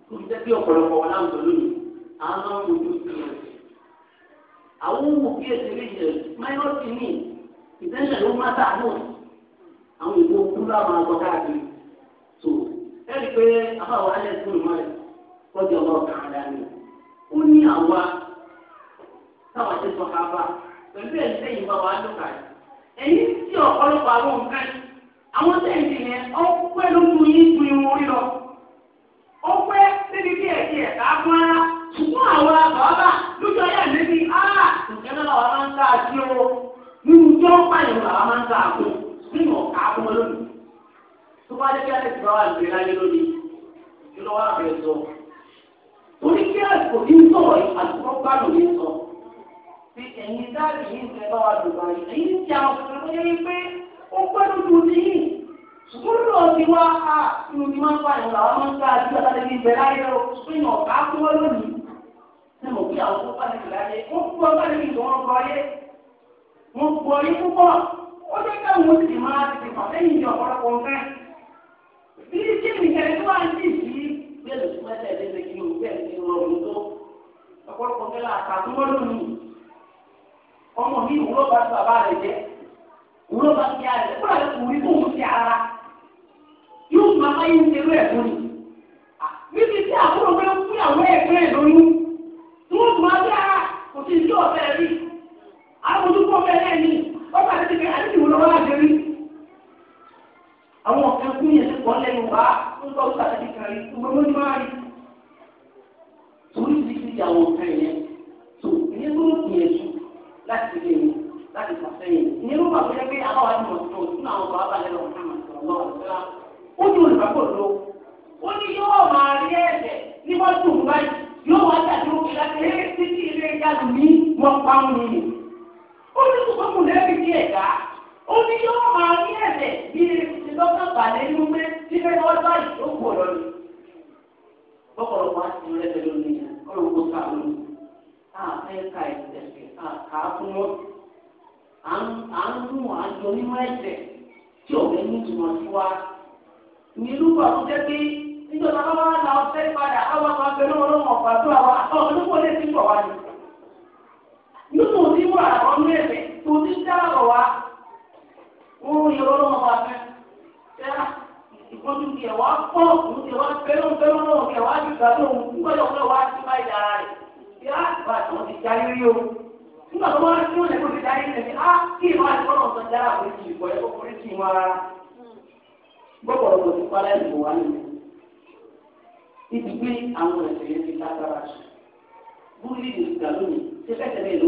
tó fi jẹ́ pé ọ̀pọ̀lọpọ̀ wà láwùjọ lónìí àwọn máa ń sí àwọn ohun òbí ní ló tà náà àwọn ìwé okú ó ní àwa táwọn ti sọ káfá pẹ̀lú ẹ̀ sẹ́yìn bá wa lóka yìí ẹ̀yìn tí ọ̀pọ̀lọpọ̀ àwọn nǹkan àwọn sẹ́yìn yẹn ló mú yín ju irun orí lọ níbi ara ṣùgbọ́n lójú ayé o nínú tí wọ́n pààyàn làwọn máa ń ká àpò nínú ọ̀ká fún lónìí tó bá dé kí á lè ti bá torí kí àsìkò tí ń sọ̀rọ̀ yìí àsìkò gbà ló ní sọ. Fi ẹ̀yin dáàbì yìí ń fẹ́ bá wa lò báyìí. Èyí ti àwọn ọ̀sẹ̀ ló yẹ pé ó pẹ́ lójú ti yìí. Ṣùgbọ́n lọ sí wa a inú ni máa ń pààyàn làwọn máa ń ká àti ọ̀sán níbi ìbẹ̀ láyé o. Ṣé ìyàn ọ̀gá kú wọ́n lónìí? Ṣé mo kí àwọn tó pàdánù láyé? Ó kú ọgbà níbi ìtọ́ wọn gbọ́ yé. Mo gbọ́ yé púpọ̀. Ó jẹ́ bẹ́ẹ̀ ló tún mẹ́tẹ̀ ẹ̀dẹ́ lẹ́kí o bẹ́ẹ̀ ti rọrùn tó ọ̀pọ̀lọpọ̀ fẹ́ la kà fún mọ́tò mi ọmọ mi wúlò bá tó bàbá rẹ̀ jẹ́ wúlò bá tó yára rẹ̀ kúrò àlẹ́ kò rí fóun ti ara yóò tún máa yín ṣerú ẹ̀ fún mi níbi tí àbúrò pé ó fún àwọn ẹgbẹ́ ẹ̀ lóyún tí wọ́n tún máa ara kò sí ní ọ̀fẹ́ rí àbójútó ọ̀fẹ́ náà ní ọ̀fẹ́ àti ti fi àdéhùn lọ́wọ́ àjẹrí àwọn ọ̀fẹ́ kúnyẹ̀ ti pọ̀ lẹ́nu wá àtúntò pàtàkì kàrí gbogbo ní máa rí. torí ti ti àwọn nǹkan yẹn tó ìyẹn ló ń gbìyànjú láti lè mú láti fàṣẹyìn ìyẹn ló pàṣẹ pé àwọn àti mọ̀tò nínú àwọn bàbá balẹ̀ lọ fún àwọn àti ọ̀gá ọ̀gá ó ní olùbákọ̀ lọ ó ní yóò máa rí ẹ̀jẹ̀ ní wọ́n tún báyìí yóò wá dàbí òkè láti eré títí ilé ìyàlú ní wọ́n pa ń mi. ó ní kòkòrò lẹ́bi ní ẹ̀dá ó ní yóò máa rí ẹ̀jẹ̀ bí lọ́kàn pàdé nínú pé títẹ́ wọ́n bá ìṣòkò ọ̀rọ̀ ni. bọ́kọ̀lọ́pọ̀ á ti rẹ̀ pẹ̀lú mi ọ̀rọ̀ kó ká ló ní. a fẹ́ ka ẹ̀sẹ̀ ká ká fún wọn. à ń mú àjọ nínú ẹ̀sẹ̀ tí òun ní ìtumọ̀ sí wa. ìlú wa kó jẹ́ pé níjọba bá wà láwọn fẹ́ padà àwọn kan fẹ́ lọ́wọ́ lọ́wọ́ pàdúrà wa ọ̀ nínú onímọ̀ ti dáàbò wa wọ́n yọ ọlọ́mọ wa ìkọ́jú tiẹ̀ wá pọ̀ òun tiẹ̀ wá fẹ́ràn fẹ́ràn náà tiẹ̀ wá dìgbà tó òun kú gbọ́dọ̀ pé wá sí báyìí dára rẹ̀ bí a bá tó ti darí rí o nígbà tó wá sí òun ẹ̀kọ́ ti darí rẹ̀ ni a kí ìwà ìfọ́nà ọ̀sán dára àwọn èjì ìbọ̀ ẹ̀kọ́ orí kì í wọn rárá gbọ́dọ̀ lọ sí pálá ìbò wá nìyẹn ibi gbé àwọn ẹ̀sẹ̀ yẹn ti lágbára jù búrúdì ìgbà lónìí ṣé fẹ́ tẹ̀lé ló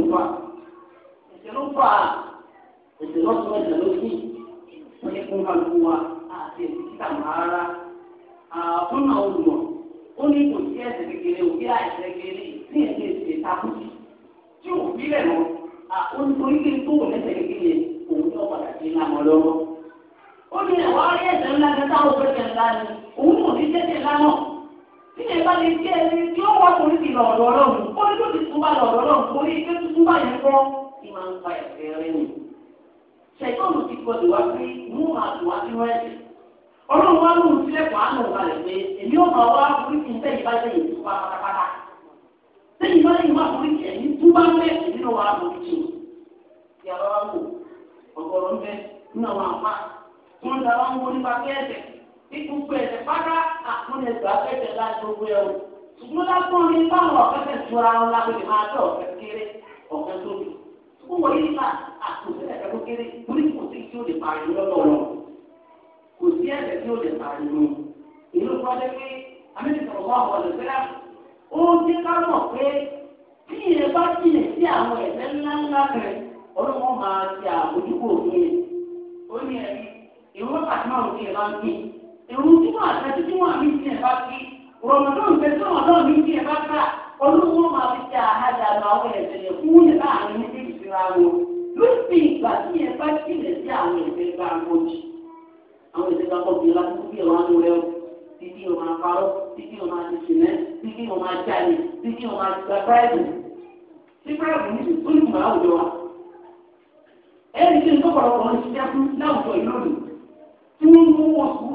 fà àti ètùtà rárá àtúnà olùmọ̀ ó ní kò sí ẹ̀sẹ̀ kékeré òbí àìsẹ̀ kékeré ní ẹ̀sẹ̀ èsì ìtakùsì tí ò bí lọ onítorí tó wò lẹ́sẹ̀ kékeré òun ní ọ̀padà sí ìlànà lọ́wọ́. ó ní ẹ̀wọ́ rí ẹ̀sẹ̀ ńlá kan táwọn òfẹ́fẹ́ ńlá ni òun kò ní tẹ́tẹ̀ lánà tí ẹ bá lè jẹ́ ẹni tí ó wá torí ti lọ̀ọ̀dọ̀ ọlọ́run ó ní tó ti túbà lọ̀ọ̀dọ̀ ọlọ́run torí pé ọlọ́run wá lóun sílẹ̀ kó àánú balẹ̀ pé èmi ọ̀nà wa burú sẹ́yìn bá lẹ́yìn tó wá pátápátá sẹ́yìn bá lẹ́yìn wá burú kí ẹ̀yìn tó bá mẹ́ èmi náà wá burú kí n. ìyá bàbá wò ọ̀gọ̀rọ̀ ń bẹ nínú àwọn àpá tí wọ́n dára ń wo nípa kẹ́ẹ̀tẹ̀ bí gbogbo ẹ̀sẹ̀ pátá àkúnlẹ̀ gbà láti gbogbo ẹ̀ ṣùgbọ́n lásán ni kò sí ẹ̀sẹ̀ tí ó lè pariwo ìlú kọ́lé pé amẹ́ríkà wà wọ̀ lọ́sẹ̀rà ó ti ká mọ̀ pé tí ìyẹn bá tilẹ̀ sí àwọn ẹ̀sẹ̀ si rẹ̀ ọlọ́wọ́ máa ti àbójúkò òfin yẹn ó ní ẹ̀rí ìwọ́n pàṣẹ máa ń fi ń èrò tí wọ́n tí wọ́n àmì ti rọ̀mọ̀dọ́n fẹ́ tí wọ́n náà ní ti máa fi àwọn ìṣẹ́ká pọ̀ bí ọlá títí ọ̀rọ̀ àánú rẹ o títí o máa parọ́ títí o máa ti ṣìnẹ́ títí o máa jalè títí o máa gba báyìí tí báyìí ní ìpínlẹ̀ àwùjọ wa ẹni tí nǹkan pọ̀lọpọ̀ ń ṣiṣẹ́ fún láwùjọ ìlónìí tí wọ́n ń mú wọn sùn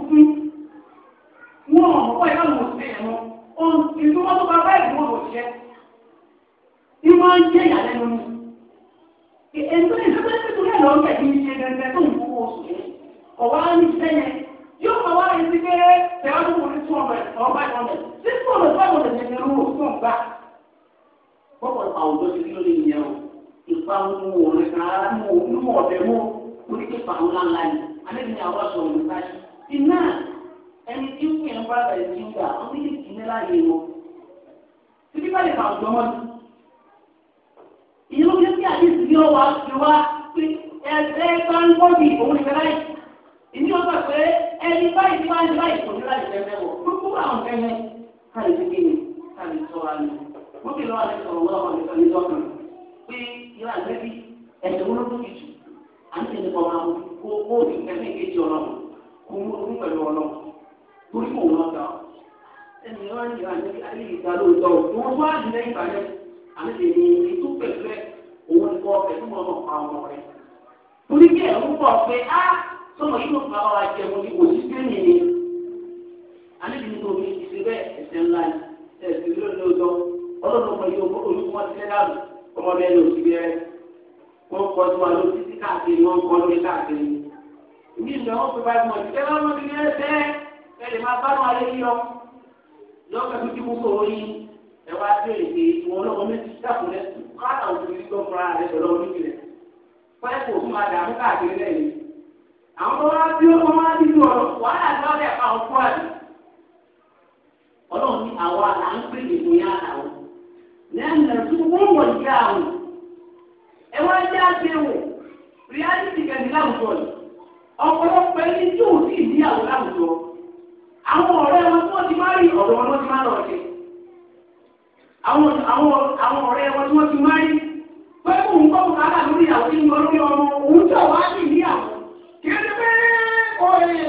fún wọn ò mọ̀ báyìí láwọn òṣìṣẹ́ yẹn mọ́ ohun ìlú wọn tó bá báyìí wọn ò ṣiṣẹ́ ìmọ̀ ń jẹ́ ìyàlẹ́nu ni ẹ̀ńtọ́ ìṣẹ́fẹ́ tó lẹ́ lọ́ọ́ kẹ̀ kí n ṣe gẹ́gẹ́ tó ń ọ̀wá ní sẹ́yìn yóò máa wá yẹn sí pé tẹ̀wọ́n tó wọlé tún ọmọ ẹ̀ ọba ẹ̀ ọmọ ẹ̀ sí fóònù fáwọn ọ̀dẹ̀ tẹ̀lé ló wò fún ọgbà. bọ́pọ̀ àwùjọ ti kí ló lè yẹ o ìpa mú òun rárá mú òun mú ọ̀bẹ mú orí pípa òun lánàá ni alẹ́ ni àwọn aṣọ òun bá yí. iná ẹni tí ń pè ń bá bẹ̀rẹ̀ ti ń gbà wọ́n ní ìdílé láàyè wọn. títí bá lè fà àwùjọ mọ́ ni. ìyẹn ló fi ń ìní ọgbà pé ẹni báyìí ti máa ń báyìí kò ní láti fẹ́ wọ̀ gbogbo àwọn kẹ́yẹ káyọ̀ ti kéde káyọ̀ tó wà ní. wọ́n ti lọ́wọ́ àti sọ̀rọ̀ lọ́wọ́ àti sọ̀rọ̀ lọ́wọ́ kan pé ìlà àgbẹ̀bí ẹ̀sẹ̀ wọn ló tó kìtù à ń tẹ̀lé ọmọ àwọn kó kó ìfẹ́fẹ́ ìkejì ọlọ́run kó mú ogún pẹ̀lú ọlọ́run torí mò ń lọ́ta wọ́n ní ìlà àgbẹ̀bí ìgbà lóòótọ́ òun wá tọ́mọ yìí ló fara wa jẹun ní òsì gbẹ̀mí ni alẹ́bí ní omi ìṣe bẹ́ẹ̀ ẹ̀sẹ̀ ńlá ni ẹ̀sẹ̀ lónìí lọ́dọ̀ ọlọ́dún ọmọ yìí olùkọ́ ti lẹ́dà lù ọmọ bẹ́ẹ̀ ló ti bẹ́ẹ̀ wọ́n kọ́ tó wa ló ti ti káàkiri wọ́n kọ́ lórí káàkiri ní ìlú ọ̀hún pé báyìí mọ̀ ti tẹ́lá ọmọ ti lẹ́ẹ̀ bẹ́ẹ̀ ẹ̀ lè máa bá wọn alẹ́ yíyọ lọ́kẹ́ tó ti kúkọ̀ orí ẹ̀ wá bẹ̀rẹ̀ pé ìwọ̀n ọlọ́mọ méjì dàkúnlẹ̀ káàtà òkú àwọn tó wá bí wọn wá nínú ọ̀rọ̀ wàhálà tí wọn lè fa òkú àlè ní àwa là ń pè náà tún wọn wọ ìyá àwọn ẹ wá jẹ láwùjọ ọ̀pọ̀lọpọ̀ ẹni tí ò sí láwùjọ àwọn ọ̀rẹ́ wọn tí wọ́n ti máa rí ọ̀dọ̀ wọn ti máa lọ àwọn ọ̀rẹ́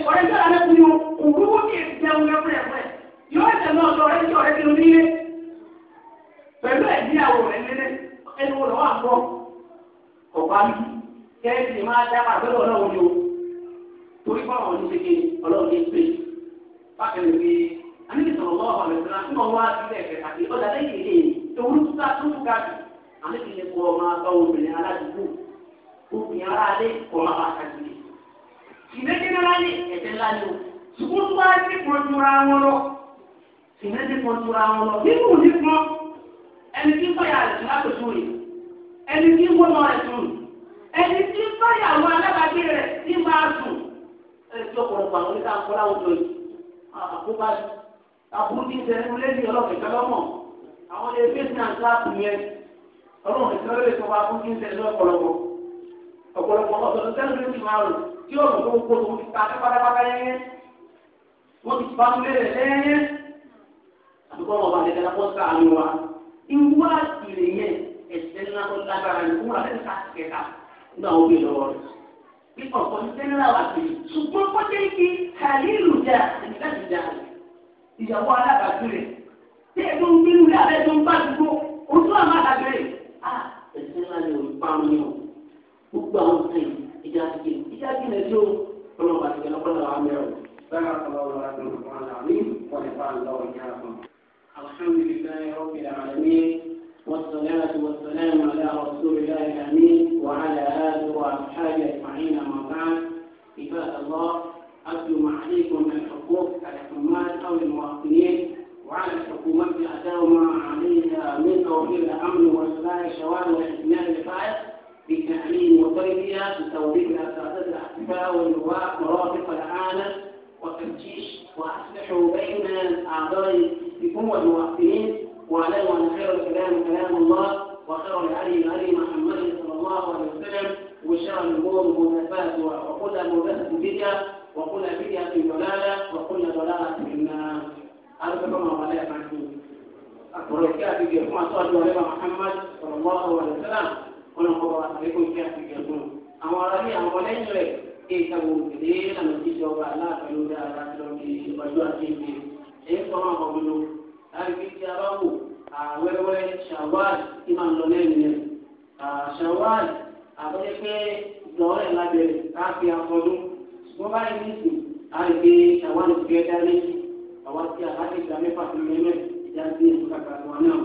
ọ̀rẹ́ tí alẹ́ fún yóò òwúrò kì í jẹun lẹ́fẹ̀ẹ́fẹ́ yóò ẹ̀jẹ̀ náà sọ ọ̀rẹ́ tí ọ̀rẹ́ tí o ní ilé pẹ̀lú ẹ̀dí àwọ̀ rẹ̀ lélẹ̀ ẹni wọ́n lọ́wọ́ àgbọ̀ ọ̀pá mi kẹ́ẹ̀sì máa dá àgbẹ̀lẹ̀ ọlọ́run yóò torí fún àwọn oníṣègbè ọlọ́run ní pé bákan ní àníbi sọ̀rọ̀ lọ́wọ́ ọ̀rẹ́ tí wọ́n wá sílẹ̀ ẹ̀fẹ̀ àti ọjà lẹ́yìn ilé ìtòwúrú tó ká tó ká jù àníbi ní kọ́ ọmọ àtọ́ obìnrin aládùúgbò obìnrin aráalé kọ́ ọmọ àtàkùn ìdẹ́gbẹ́nlá ní ẹ̀jẹ̀ ńlá ni o ṣùgbọ́n tó bá ti pọ̀ jura wọn lọ ìyẹn ti pọ̀ jura wọn lọ nínú òní kan ẹni tí ń fọyà rẹ̀ tún lápẹ̀tù rẹ̀ ẹni tí ń wọ́nà rẹ̀ tún ẹni tí ń fọyà àwọn alábàágbé rẹ̀ tí máa sùn ẹni tí ọ̀pọ̀lọpọ̀ àwọn oníkà ń kọ́ láwùjọ yìí àkóbá àbúrú ti ń tẹ ẹnu lẹ́yìn ọlọ́ọ̀kẹ́ kálọ́mọ̀ àwọn ilé fẹ́sì náà tó àpò yẹn ọlọ́ọ̀kẹ́ kálọ́mọ̀ ọ̀pọ̀lọpọ̀ ọ̀pọ̀lọpọ̀ ọ̀sọ̀tún tẹ́lifíṣì máa rò tí ọ̀rọ̀ tó ń kó lòun ti ta ní pátápátá yẹn wọ́n ti bá ń lé rẹ̀ lẹ́yìn àdúgbò ọmọ balẹ̀ dáná fọ́ sáà ní wa ìwú àtìlẹ̀ yẹn ẹ̀sẹ̀ ńlá tó lágbára ní wúrà lẹ́nu ká kẹta ní àwọn obìnrin lọ́wọ́ rẹ̀ bí ọ̀pọ̀ ní sẹ́ńlá wà sí i ṣùgbọ́n kọ́jẹ́ kí kàlílù jà ẹ̀mí láti jà ìyàwó alábàájú tí ẹ̀ tó ń bínú ilé abẹ́ tó ń bá àdúgbò ojú àmọ́ ah ẹ̀sẹ̀ ńlá ni òun pa wọn o gbogbo àwọn sẹ́yìn ìjà tìkì ìjà tìkì lè tí ó kọ́nà bá tìkì lọ́kọ́ náà àmì ẹ̀rọ. بارك الله لكم في القرآن العظيم ونفعنا الله وإياكم. الحمد لله رب العالمين والصلاة والسلام على رسول الله الأمين وعلى آله وأصحابه أجمعين أما بعد عباد الله أتلو عليكم من حقوق الحكومات أو المواطنين وعلى الحكومات أداء ما عليها من توفير الأمن وإصلاح الشوارع والاعتماد الفائق بتعليم وتربية وتوظيف الأساتذة الأحباء واللواء مرافق العالم وتفتيش وأصلحوا بين أعضاء بقوة الموحدين واعلموا أن خير الكلام كلام الله وخير العلي العلي محمد صلى الله عليه وسلم وشر الأمور وقل وكل بك بدعة وكل بدعة ضلالة وكل ضلالة في النار. هذا كما قال أقول لك يا محمد صلى الله عليه وسلم ọlọ́run ọba àtàlẹ́kọ̀ọ́ ìṣe àti ìgbẹ̀gbọ́n àwọn ará ní àwọn ọlẹ́yìn rẹ̀ kí ìta wo òkèlè ìlànà jíjọ ọba aláàfin ló dáadáa tó lọ́ọ́ di ìwájú àti ìgbé èyí sọ wọn àwọn ọmọ láti tí a bá wò àwẹ́wẹ́ ṣàwáàlì tí máa ń lọ lẹ́yìn rẹ̀ ṣàwáàlì àbẹ́yẹ pé ìgbọ̀nrẹ̀ lábẹ́rẹ̀ káfí afọdún ṣùgbọ́n báyìí ní ìsìn láti pé ṣàwáàlì fi ẹ̀dá lẹ́yìn àwọn tí a bá ti gbà mẹ́fà fún mẹ́mẹ́ ìdá sí ìfúkàkà wọn náà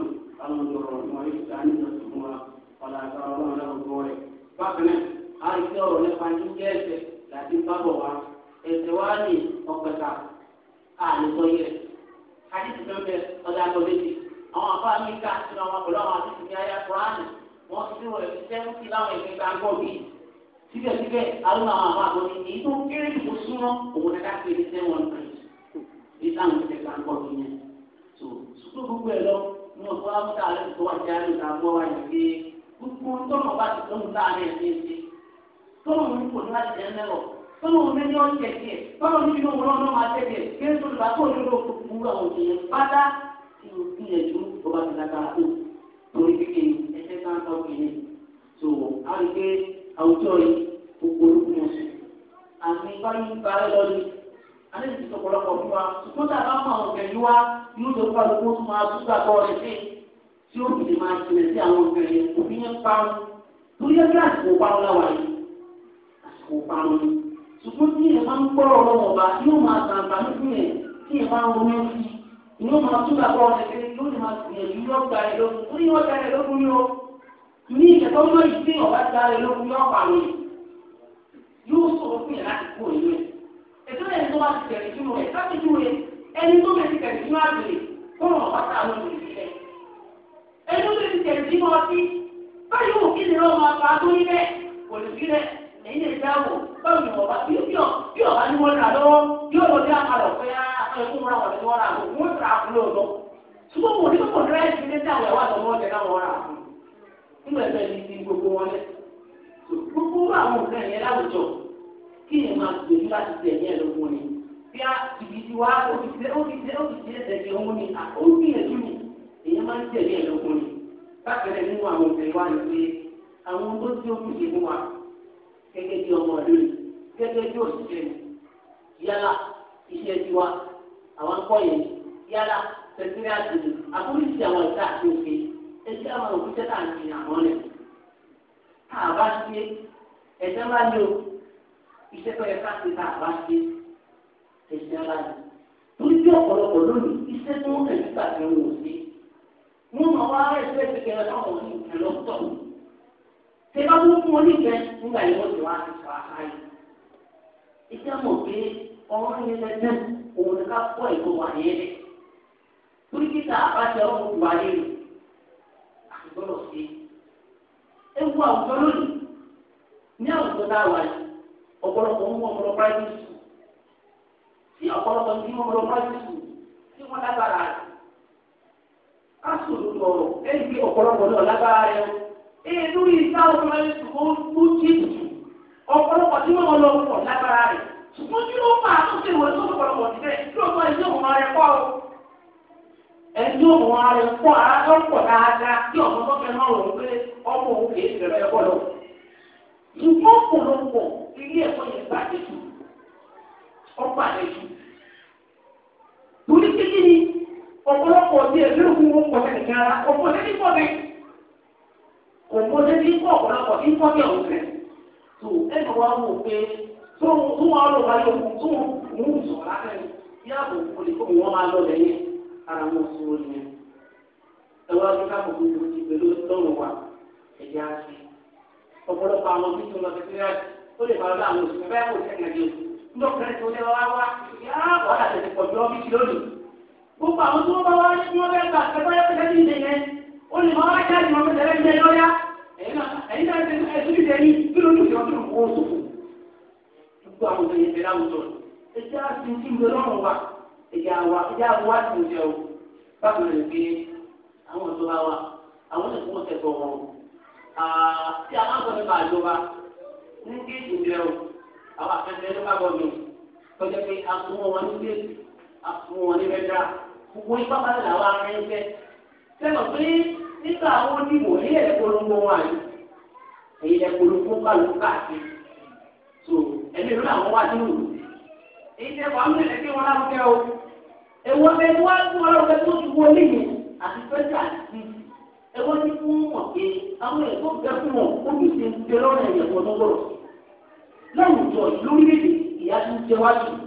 àwọn ọ̀dọ́ ọ̀rọ̀ wọn yóò ọ̀là àgbàrá ọlọ́run náà gbọ́ rẹ̀. bákan náà a rí sí ọ̀rọ̀ nípa jíjẹ́ ẹ̀ṣẹ̀ láti bábọ̀ wa ẹ̀ṣẹ̀ wa ní ọ̀pẹ̀ta àlùkọ́ yẹ. àdìsí tó ń bẹ ọ̀dà àgbọ̀dẹ́sì àwọn àbá mi ká sínú àwọn pẹ̀lú àwọn àdìsí ní ayé kúránì wọ́n ti wọ̀ ẹ̀ sẹ́ńtì láwọn ẹ̀mí gbàgbọ́ mi. síbẹ̀síbẹ̀ alóhùn àwọn àbá àgbọ̀ mi èyí tó kéré tó súnmọ́ òun ni ká ṣe ní sẹ́wọ̀n kan ní táwọn ẹ̀ṣẹ̀ gbàgbọ́ mi yẹn. sùkúrú gbogbo ẹ̀ lọ ní ọ̀pọ̀ àbúrò àlẹ́ tó wà jáde ìta gbogbo tọ́nà bá ti tọ́nù láàrin ẹ̀mí ẹ̀mí tọ́nà mi kò ní láti jẹ́ mẹ́rọ̀ tọ́nà mi ní ọ̀n tẹ̀sí ẹ̀ tọ́nà mi ní òwúrọ̀ náà máa tẹ̀sí ẹ̀ kí ẹ̀ tó lùbá tó lórí òkú gbogbo àwọn èèyàn pátá tí o gbìyànjú tó bá ti lágbára tó torí kékeré ẹsẹ̀ máa ń tọ́ kìíní tó a rí pé àwùjọ yìí gbogbo olókùn ọ̀sùn àmì báyìí ń parẹ́ lọ́dún alẹ́ ti sọ̀pọ̀lọpọ̀ fún wa ṣùgbọ́n tá a bá mọ àwọn ọ̀gẹ̀ yìí wá yóò lọ fún àlùkò tó máa tún gbàgbọ́ rẹ̀ sí i tí o sì máa tilẹ̀ sí àwọn ọ̀gbìn yẹn kò fi yẹn parun torí ẹgbẹ́ àsìkò parun láwa yìí àsìkò parun ni ṣùgbọ́n tí yẹn máa ń gbọ́rọ̀ lọ́wọ́ bá yóò máa gbàgbà nínú yẹn tí yẹn máa ń ronú sí i yóò máa tún gbàgbọ́ ọ̀rẹ́ pé yóò lè máa gbìyànjú yóò gba ẹ̀ lókun torí yóò gba ẹ̀ lókun yóò ní ìṣẹ̀tọ́ yóò yí sí ọ̀gá gba ẹ̀ lókun yóò pa mi yóò sọ̀rọ̀ fún yẹn láti kó ìlú ẹ̀ ẹ̀tọ́ yẹn tó ẹni tó ti tẹ̀lé bí wọ́n báyìí wò kí ni wọ́n máa fa tó níbẹ̀ kò lè sílẹ̀ ẹ̀yin lè dá wò báwo ni wọ́n bá bí bí ọ̀bá ni wọ́n rà lọ́wọ́ bí ọ̀bọ̀ bí àkàlọ̀ pé ah, ẹkún wọn ni wọ́n rà wọ́n wọ́n rà fún lóòótọ́ ṣùgbọ́n mo ní kókò dúró ẹ̀sìn ní táwọn ẹ̀wà tó wọ́n jẹ káwọn rà fún nígbà tó gbogbo wọn lẹ gbogbo àwọn nǹkan yẹn láwùjọ kí ni máa gbèjú láti tẹ̀yìn ẹ̀ lógún ni bí a ìdí ti ó ti tẹ́ ó ti tẹ́ ó ti tẹ́ ẹ̀jẹ̀ òun ni àkóńgbìyànjú ni èèyàn máa ń tẹ̀lé ẹ̀ lókun ni bákẹ́rẹ́ nínú àwọn obìnrin wa ni pé àwọn tó tí ó kùsì fún wa gẹ́gẹ́ bí ọmọ ìlú ni gẹ́gẹ́ bí òṣìṣẹ́ ni yálà iṣẹ́ tiwa àwọn akọ́yẹ ni yálà tẹ̀sírí àti ni àkóríṣi àwọn ìta àti òkè ẹjẹ́ àwọn òkúṣẹ́ náà ti àwọn lẹ̀ tá a bá ṣe ẹ̀jẹ̀ bá ní o iṣẹ́ tó yẹ ká ṣe tá a bá ṣe ẹ̀jẹ̀ bá ní torí bí ọ̀pọ̀lọpọ̀ lónìí iṣẹ́ tó ń kẹ̀ nígbà tí wọ́n ò ṣe é wọ́n máa wá rẹ̀ sí ẹ̀sìn kẹrẹ táwọn oníkẹ́ lọ tọ̀. ṣé bá wọ́n fún oníkẹ́ nígbà yìí wọ́n ti wá ti fà á yìí. iṣẹ́ mọ̀ pé ọ̀rọ̀ yẹn lẹ́sẹ̀ òun ni ká pọ̀ ìlú wà yẹn lẹ̀. torí kíkà àbájá ọ̀hún wà lérò àti gbọ́dọ̀ sí. ewu àwùjọ lónìí ní àwùjọ tá a wà yìí ọ̀pọ̀lọpọ̀ ń wọ́n mọ́ private school tí ọ̀pọ̀lọpọ̀ ń bí wọ́n private school tí wọ́n lágbára rẹ̀ kásùlù lọ́rọ̀ ẹ̀yìn bí ọ̀pọ̀lọpọ̀ náà lágbára rẹ̀ o. Ee lórí iṣẹ́ ọkùnrin rẹ̀ ṣùgbọ́n ó jí jù. Ọ̀pọ̀lọpọ̀ tí wọ́n lọ pọ̀ lágbára rẹ̀. Ṣùgbọ́n kí ló fà á tó ṣe ìwọ̀n tó ọ̀pọ̀lọpọ̀ ti bẹ́ẹ̀ kí ló fà ẹjọ́ òun ara rẹ̀ pọ̀ o. Ẹjọ́ òun ara rẹ̀ pọ̀ ara tó pọ̀ dáadáa kí ọ̀pọ̀ tó fẹ́ náà rò pé ọmọ òun kì í bẹ̀rẹ̀ ẹ̀kọ́ lọ. Ṣùgbọ́n ọ̀pọ̀lọpọ̀ ilé ẹ̀kọ́ yẹn gbàdé jù. Ọ̀pọ̀ àlejò. Torí kékeré ọ̀pọ̀lọpọ̀ ní ẹ̀mí òkun wọn pọ̀ sẹ́ni kára ọ̀pọ̀lọpọ̀ ní tó wa pé tó wọn lọ wáyé tó mú sọ̀rọ̀ wọn máa lọ lẹ́yìn ara wọn sí wọn ni ẹ wá ní ká kòkó ti pẹ̀lú lọ́rùn wa sí ọ̀pọ̀lọpọ̀ àwọn bí tó lọ sí gbogbo àwọn tí bá wá ní wọ́n bẹ́ẹ̀ gbà pẹ́pẹ́ pẹ́pẹ́ ní ilé yẹn ó lè máa wá jáde máa fẹ́ tẹ̀lé ní ẹlọ́yà ẹ̀yin náà ẹ̀sùn ìdè ní kí ló lùfẹ́ ọdún kó o gbogbo àwọn ọmọ yẹn bẹ̀rẹ̀ àwùjọ ẹ jẹ́ àti ti ń bẹ lọ́rùn wa ẹ jẹ́ àwa ẹ jẹ́ àwa ti ń jẹ o báwo lè gbé àwọn ìjọba wa àwọn ìlú wọn tẹ̀sọ̀ wọn tí a máa sọ nípa ìjọba ní kí ìjìnlẹ̀ gbogbo ipá máa ń là wá akẹ́kẹ́ sẹ́nu pé nígbà àwọn onímọ̀ ní ẹ̀ẹ́dẹ́gbọ̀lógbò wọn àyè èyí ẹ̀ẹ́dẹ́gbọ̀lógbò kálù káàkiri tó so ìlú làwọn wá dúró èyí tẹ́ wàá mẹ́lẹ̀ kí wọ́n o èwo ẹ̀ wá fún ọlọ́run tó ti wọlé yẹn àti pẹ́tà sí ti fún wọn pé àwọn fún wọn ó ń ìyá tó ń wájú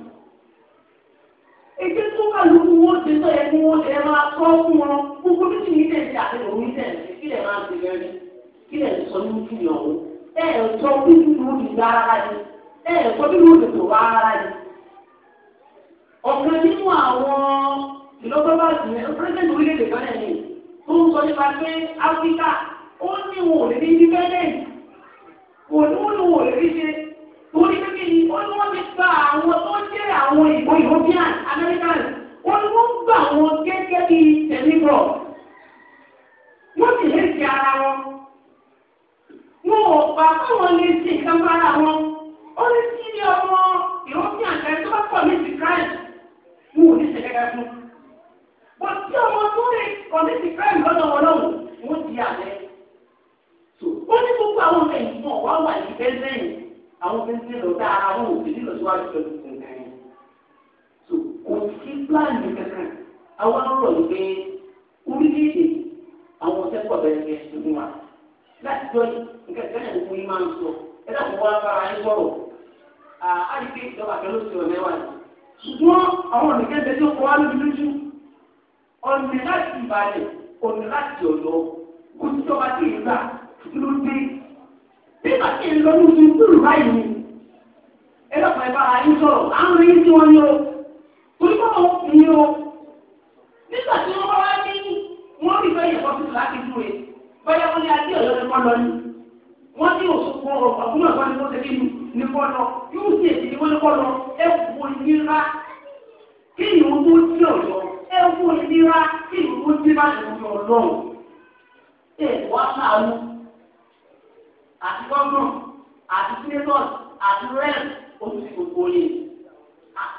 èké tó wà lóko wọn ṣe tó yẹ kí wọn ṣe máa tọ́ fún wọn gbogbo bí kì í tẹ̀sí àti òun tẹ̀sí kí lè máa ṣe lẹ́nu kí lè sọ ní ojú yọ̀ ọ́ ẹ ẹ̀ sọ bí mo lè gba ara ni ẹ ẹ̀ sọ bí mo lè tó ara ni. ọ̀kan nínú àwọn ìlọ́gbọ́gbà ìgbìmọ̀ pírẹ́sẹ̀ntì orílẹ̀-èdè kan ẹ̀ ní tó ń sọ nípa pé áfíríkà ó ní wọn ò lè ní níbí yìí ó ní wọ́n ti gba àwọn tó jẹ́ àwọn ìbò european american ó ní wọ́n gbà wọn gẹ́gẹ́ bí tẹ̀lébọ̀ wọ́n sì lè ṣe ara wọn wọn ò gbà káwọn lè ṣe nǹkan fara wọn ó ní sí ilé ọmọ european kan tó bá pọ̀ ní christ wọn ò ní ṣe gẹ́gẹ́ fún wọ́n tí ọmọ tó lè kọ̀ ní christ lọ́dọ̀ wọn lọ́wọ́ wọ́n ti yà lẹ́yìn ó ní gbogbo àwọn ẹ̀yìn náà wá wà ní bẹ́ẹ̀ lẹ́yìn àwọn fi ń ṣe lọ dáa àwọn òbí nílò síwájú pẹ̀lú nǹkan yẹn. so kò sí pílánì kankan àwọn ọ̀rọ̀ yìí pé orílẹ̀-èdè àwọn ọ̀sẹ̀ pọ̀ bẹ̀rẹ̀ kẹ́ ṣe fún wa láti jọ nǹkan kan náà fún yín máa ń sọ ẹ dàpọ̀ wá fara yín sọ̀rọ̀ àdìgbé ìjọba kan ló ti wọ̀ mẹ́wàá yìí ṣùgbọ́n àwọn nìkan tẹ̀lé ọkọ̀ wa lójú lójú ọ̀nà láti ìbàdàn ọ̀nà láti ọ̀dọ́ kò sí bí bàtí ìlọ́nù ti ń kúrò báyìí ni ẹlọ́pàá ẹ̀ bára yín sọ̀rọ̀ àwọn yín tí wọ́n ní o torí wọ́n mọ̀ fún yín o nígbà tí wọ́n bá wá ní wọ́n rí bẹ́ẹ̀ yẹ̀kọ́ tuntun láti dúró e bóyá wọ́n ní adé ọ̀yọ́ ni wọ́n lọ ní wọ́n ní òṣùpọ̀ ọ̀gbọ́n ẹ̀kọ́ ni wọ́n ṣe kí ni kọ́ lọ yóò sì èsì ni wọ́n ní kọ́ lọ ẹ wo ìnira kí ìwọ́n tó tí ọ̀yọ́ ẹ wo ìnira kí ìwọ́n tó tí bá ṣe ọ̀yọ́ ọlọ́run ẹ̀ wá sáà àti gọ́ọ̀nù àti senators àti rẹ́ẹ̀m oṣù tí gbogbo yẹn.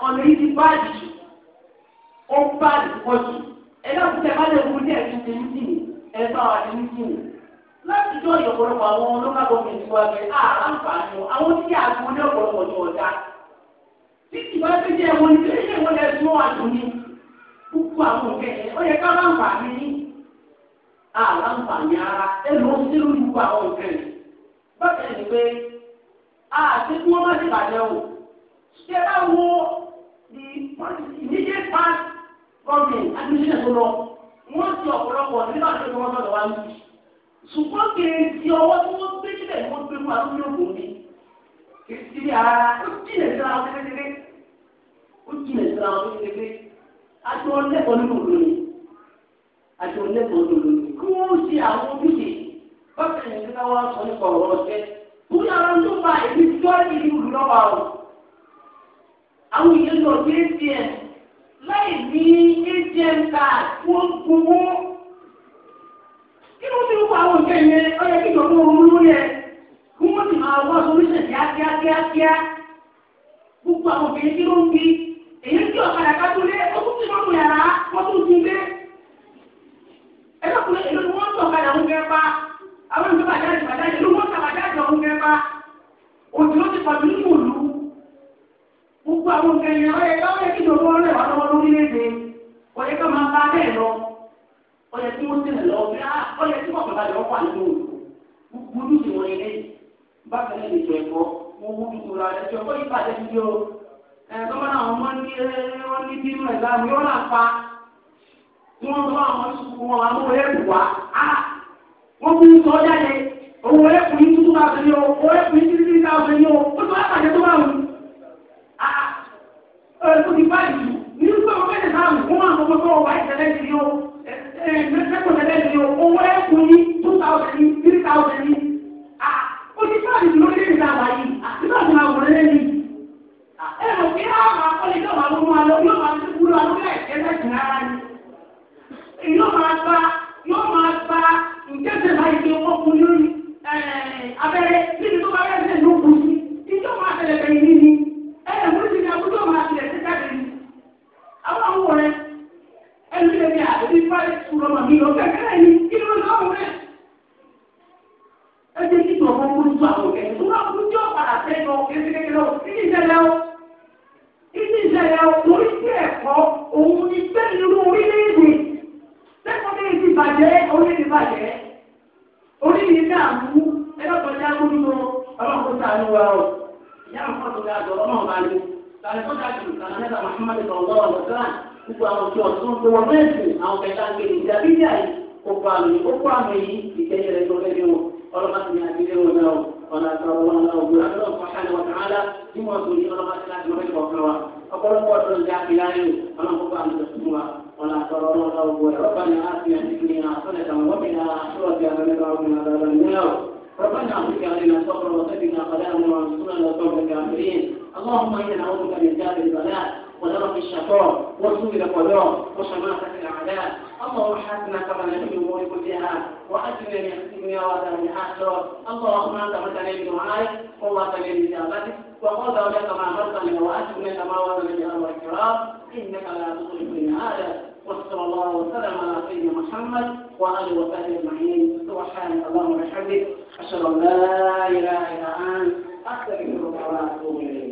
ọ̀nà yìí ti báàdì jù ó báàdì pọ̀ jù ẹgbẹ́ òkúta bá láti jọ ìyọ̀pọ̀lọpọ̀ àwọn o àwọn tí a gbọ́ ní ọ̀pọ̀lọpọ̀ ní ọ̀dà. títí bá ti jẹ́ wọn ní ilé wọn ẹ̀ bákan ní pé àti kí wọ́n má ti bàjẹ́ o ṣé bá wo the immediate past government administration tó lọ wọ́n ti ọ̀pọ̀lọpọ̀ nígbà tó ń wọ́n sọ̀rọ̀ wá ní. ṣùgbọ́n kìí di ọwọ́ tí wọ́n gbé níbẹ̀ ni wọ́n gbé fún àwọn olóògùn mi kìí ti rí ara ó jìnà sí ara wọn kékeré ó jìnà sí ara wọn kékeré àti wọn lẹ́kọ̀ọ́ nínú òdòdó àti wọn lẹ́kọ̀ọ́ nínú òdòdó kí wọ́n ṣe àwọn ojúṣe bákan yẹn ká wá sọ nípa ọ̀rọ̀ ọ̀sẹ̀ fún àwọn tó bá ìlú tó ìlú lọ́wọ́ àwọn àwọn èèyàn lọ sí atm láì ní atm card fún gbogbo kí ló ti ń kó àwọn nǹkan yẹn ó yẹ kí ìjọba òun ló yẹ kí wọ́n sì máa wá solution kíákíákíá gbogbo àwọn obìnrin tí ló ń bí èyí tí ọ̀kadà ká tó lé ó tún ti lọ́nu yàrá wọ́n tún ti lé ẹ lọ́kùnrin èlò ni wọ́n ń sọ̀kadà ń fẹ́ pa. àwọn ìlú bàjáde bàjáde ìlú mọ́tà bàjáde ọ̀hún kẹfà òtún ló ti pàdé nínú gbogbo àwọn nǹkan kí lọ́wọ́ lórílẹ̀-èdè máa bá bẹ́ẹ̀ lọ tí wọ́n ti lọ tí wọ́n ti bákan náà ẹ̀kọ́ wọ́n tuntun ra ẹ̀jọ̀ kọ́ yọ wọ́n tún sọ jáde owó ẹ̀kùnrin tuntun bá fẹ́ ní owó ẹ̀kùnrin títí títí bá fẹ́ ní ó tún wá pàdé tó bá wù. ẹ̀kú ti báyìí ní pé wọ́n fẹ́ẹ́ sáà mú wọn àwọn ọmọ ọba ìtẹ̀lẹ́ ti ní o ẹ̀ẹ́dẹ́gbẹ̀rún tẹ̀lẹ́ ti ní owó ẹ̀kùnrin two thousand ní three thousand ní. ó ti sáà nìyí lórí ìta àbáyé àti náà ti máa yóò máa lọ́ wọ́n fún lórí eh, abẹ́rẹ́ nínú ni tàbí tó dájú ìtànẹ́ta Muhammad sọ̀rọ̀ ọ̀sán gbogbo àwọn tí ọ̀sán tó wọ́n mẹ́sì àwọn kẹta ń kéde ìdàbíjà yìí kó pa àmì ó kó àmì yìí ìgbẹ́yẹ rẹ̀ tó fẹ́ dé wọn ọlọ́mọdé ní àdílé wọn náà wọn àti àwọn ọmọ náà ògbó àti ọ̀pọ̀ àti wọn kàn án lá bí wọn tó ní ọlọ́mọdé láti wọn fẹ́ kọ̀ọ̀kan wa ọ̀pọ̀lọpọ̀ tó ń jáde láyé ọlọ́mọdé àti ọ̀sùn wa wọn àti àwọn ọmọ náà ògbó ربنا آتنا في اللهم إنا نعوذ بك من داب البلاء ودرك الشفاء وسوء القضاء وشماتة الأعداء اللهم حسنا كما في الأمور كلها وأجلنا من الدنيا وأداء الآخرة اللهم أنت مثلا بدعائك ووعدنا بإجابتك وقل لك ما أمرتني وأجلنا كما من بالأمر الكرام إنك لا من هذا وصلى الله وسلم على سيدنا محمد وعلى وصحبه أجمعين سبحانك اللهم وبحمدك أشهد أن لا إله إلا أنت أستغفرك وأتوب إليك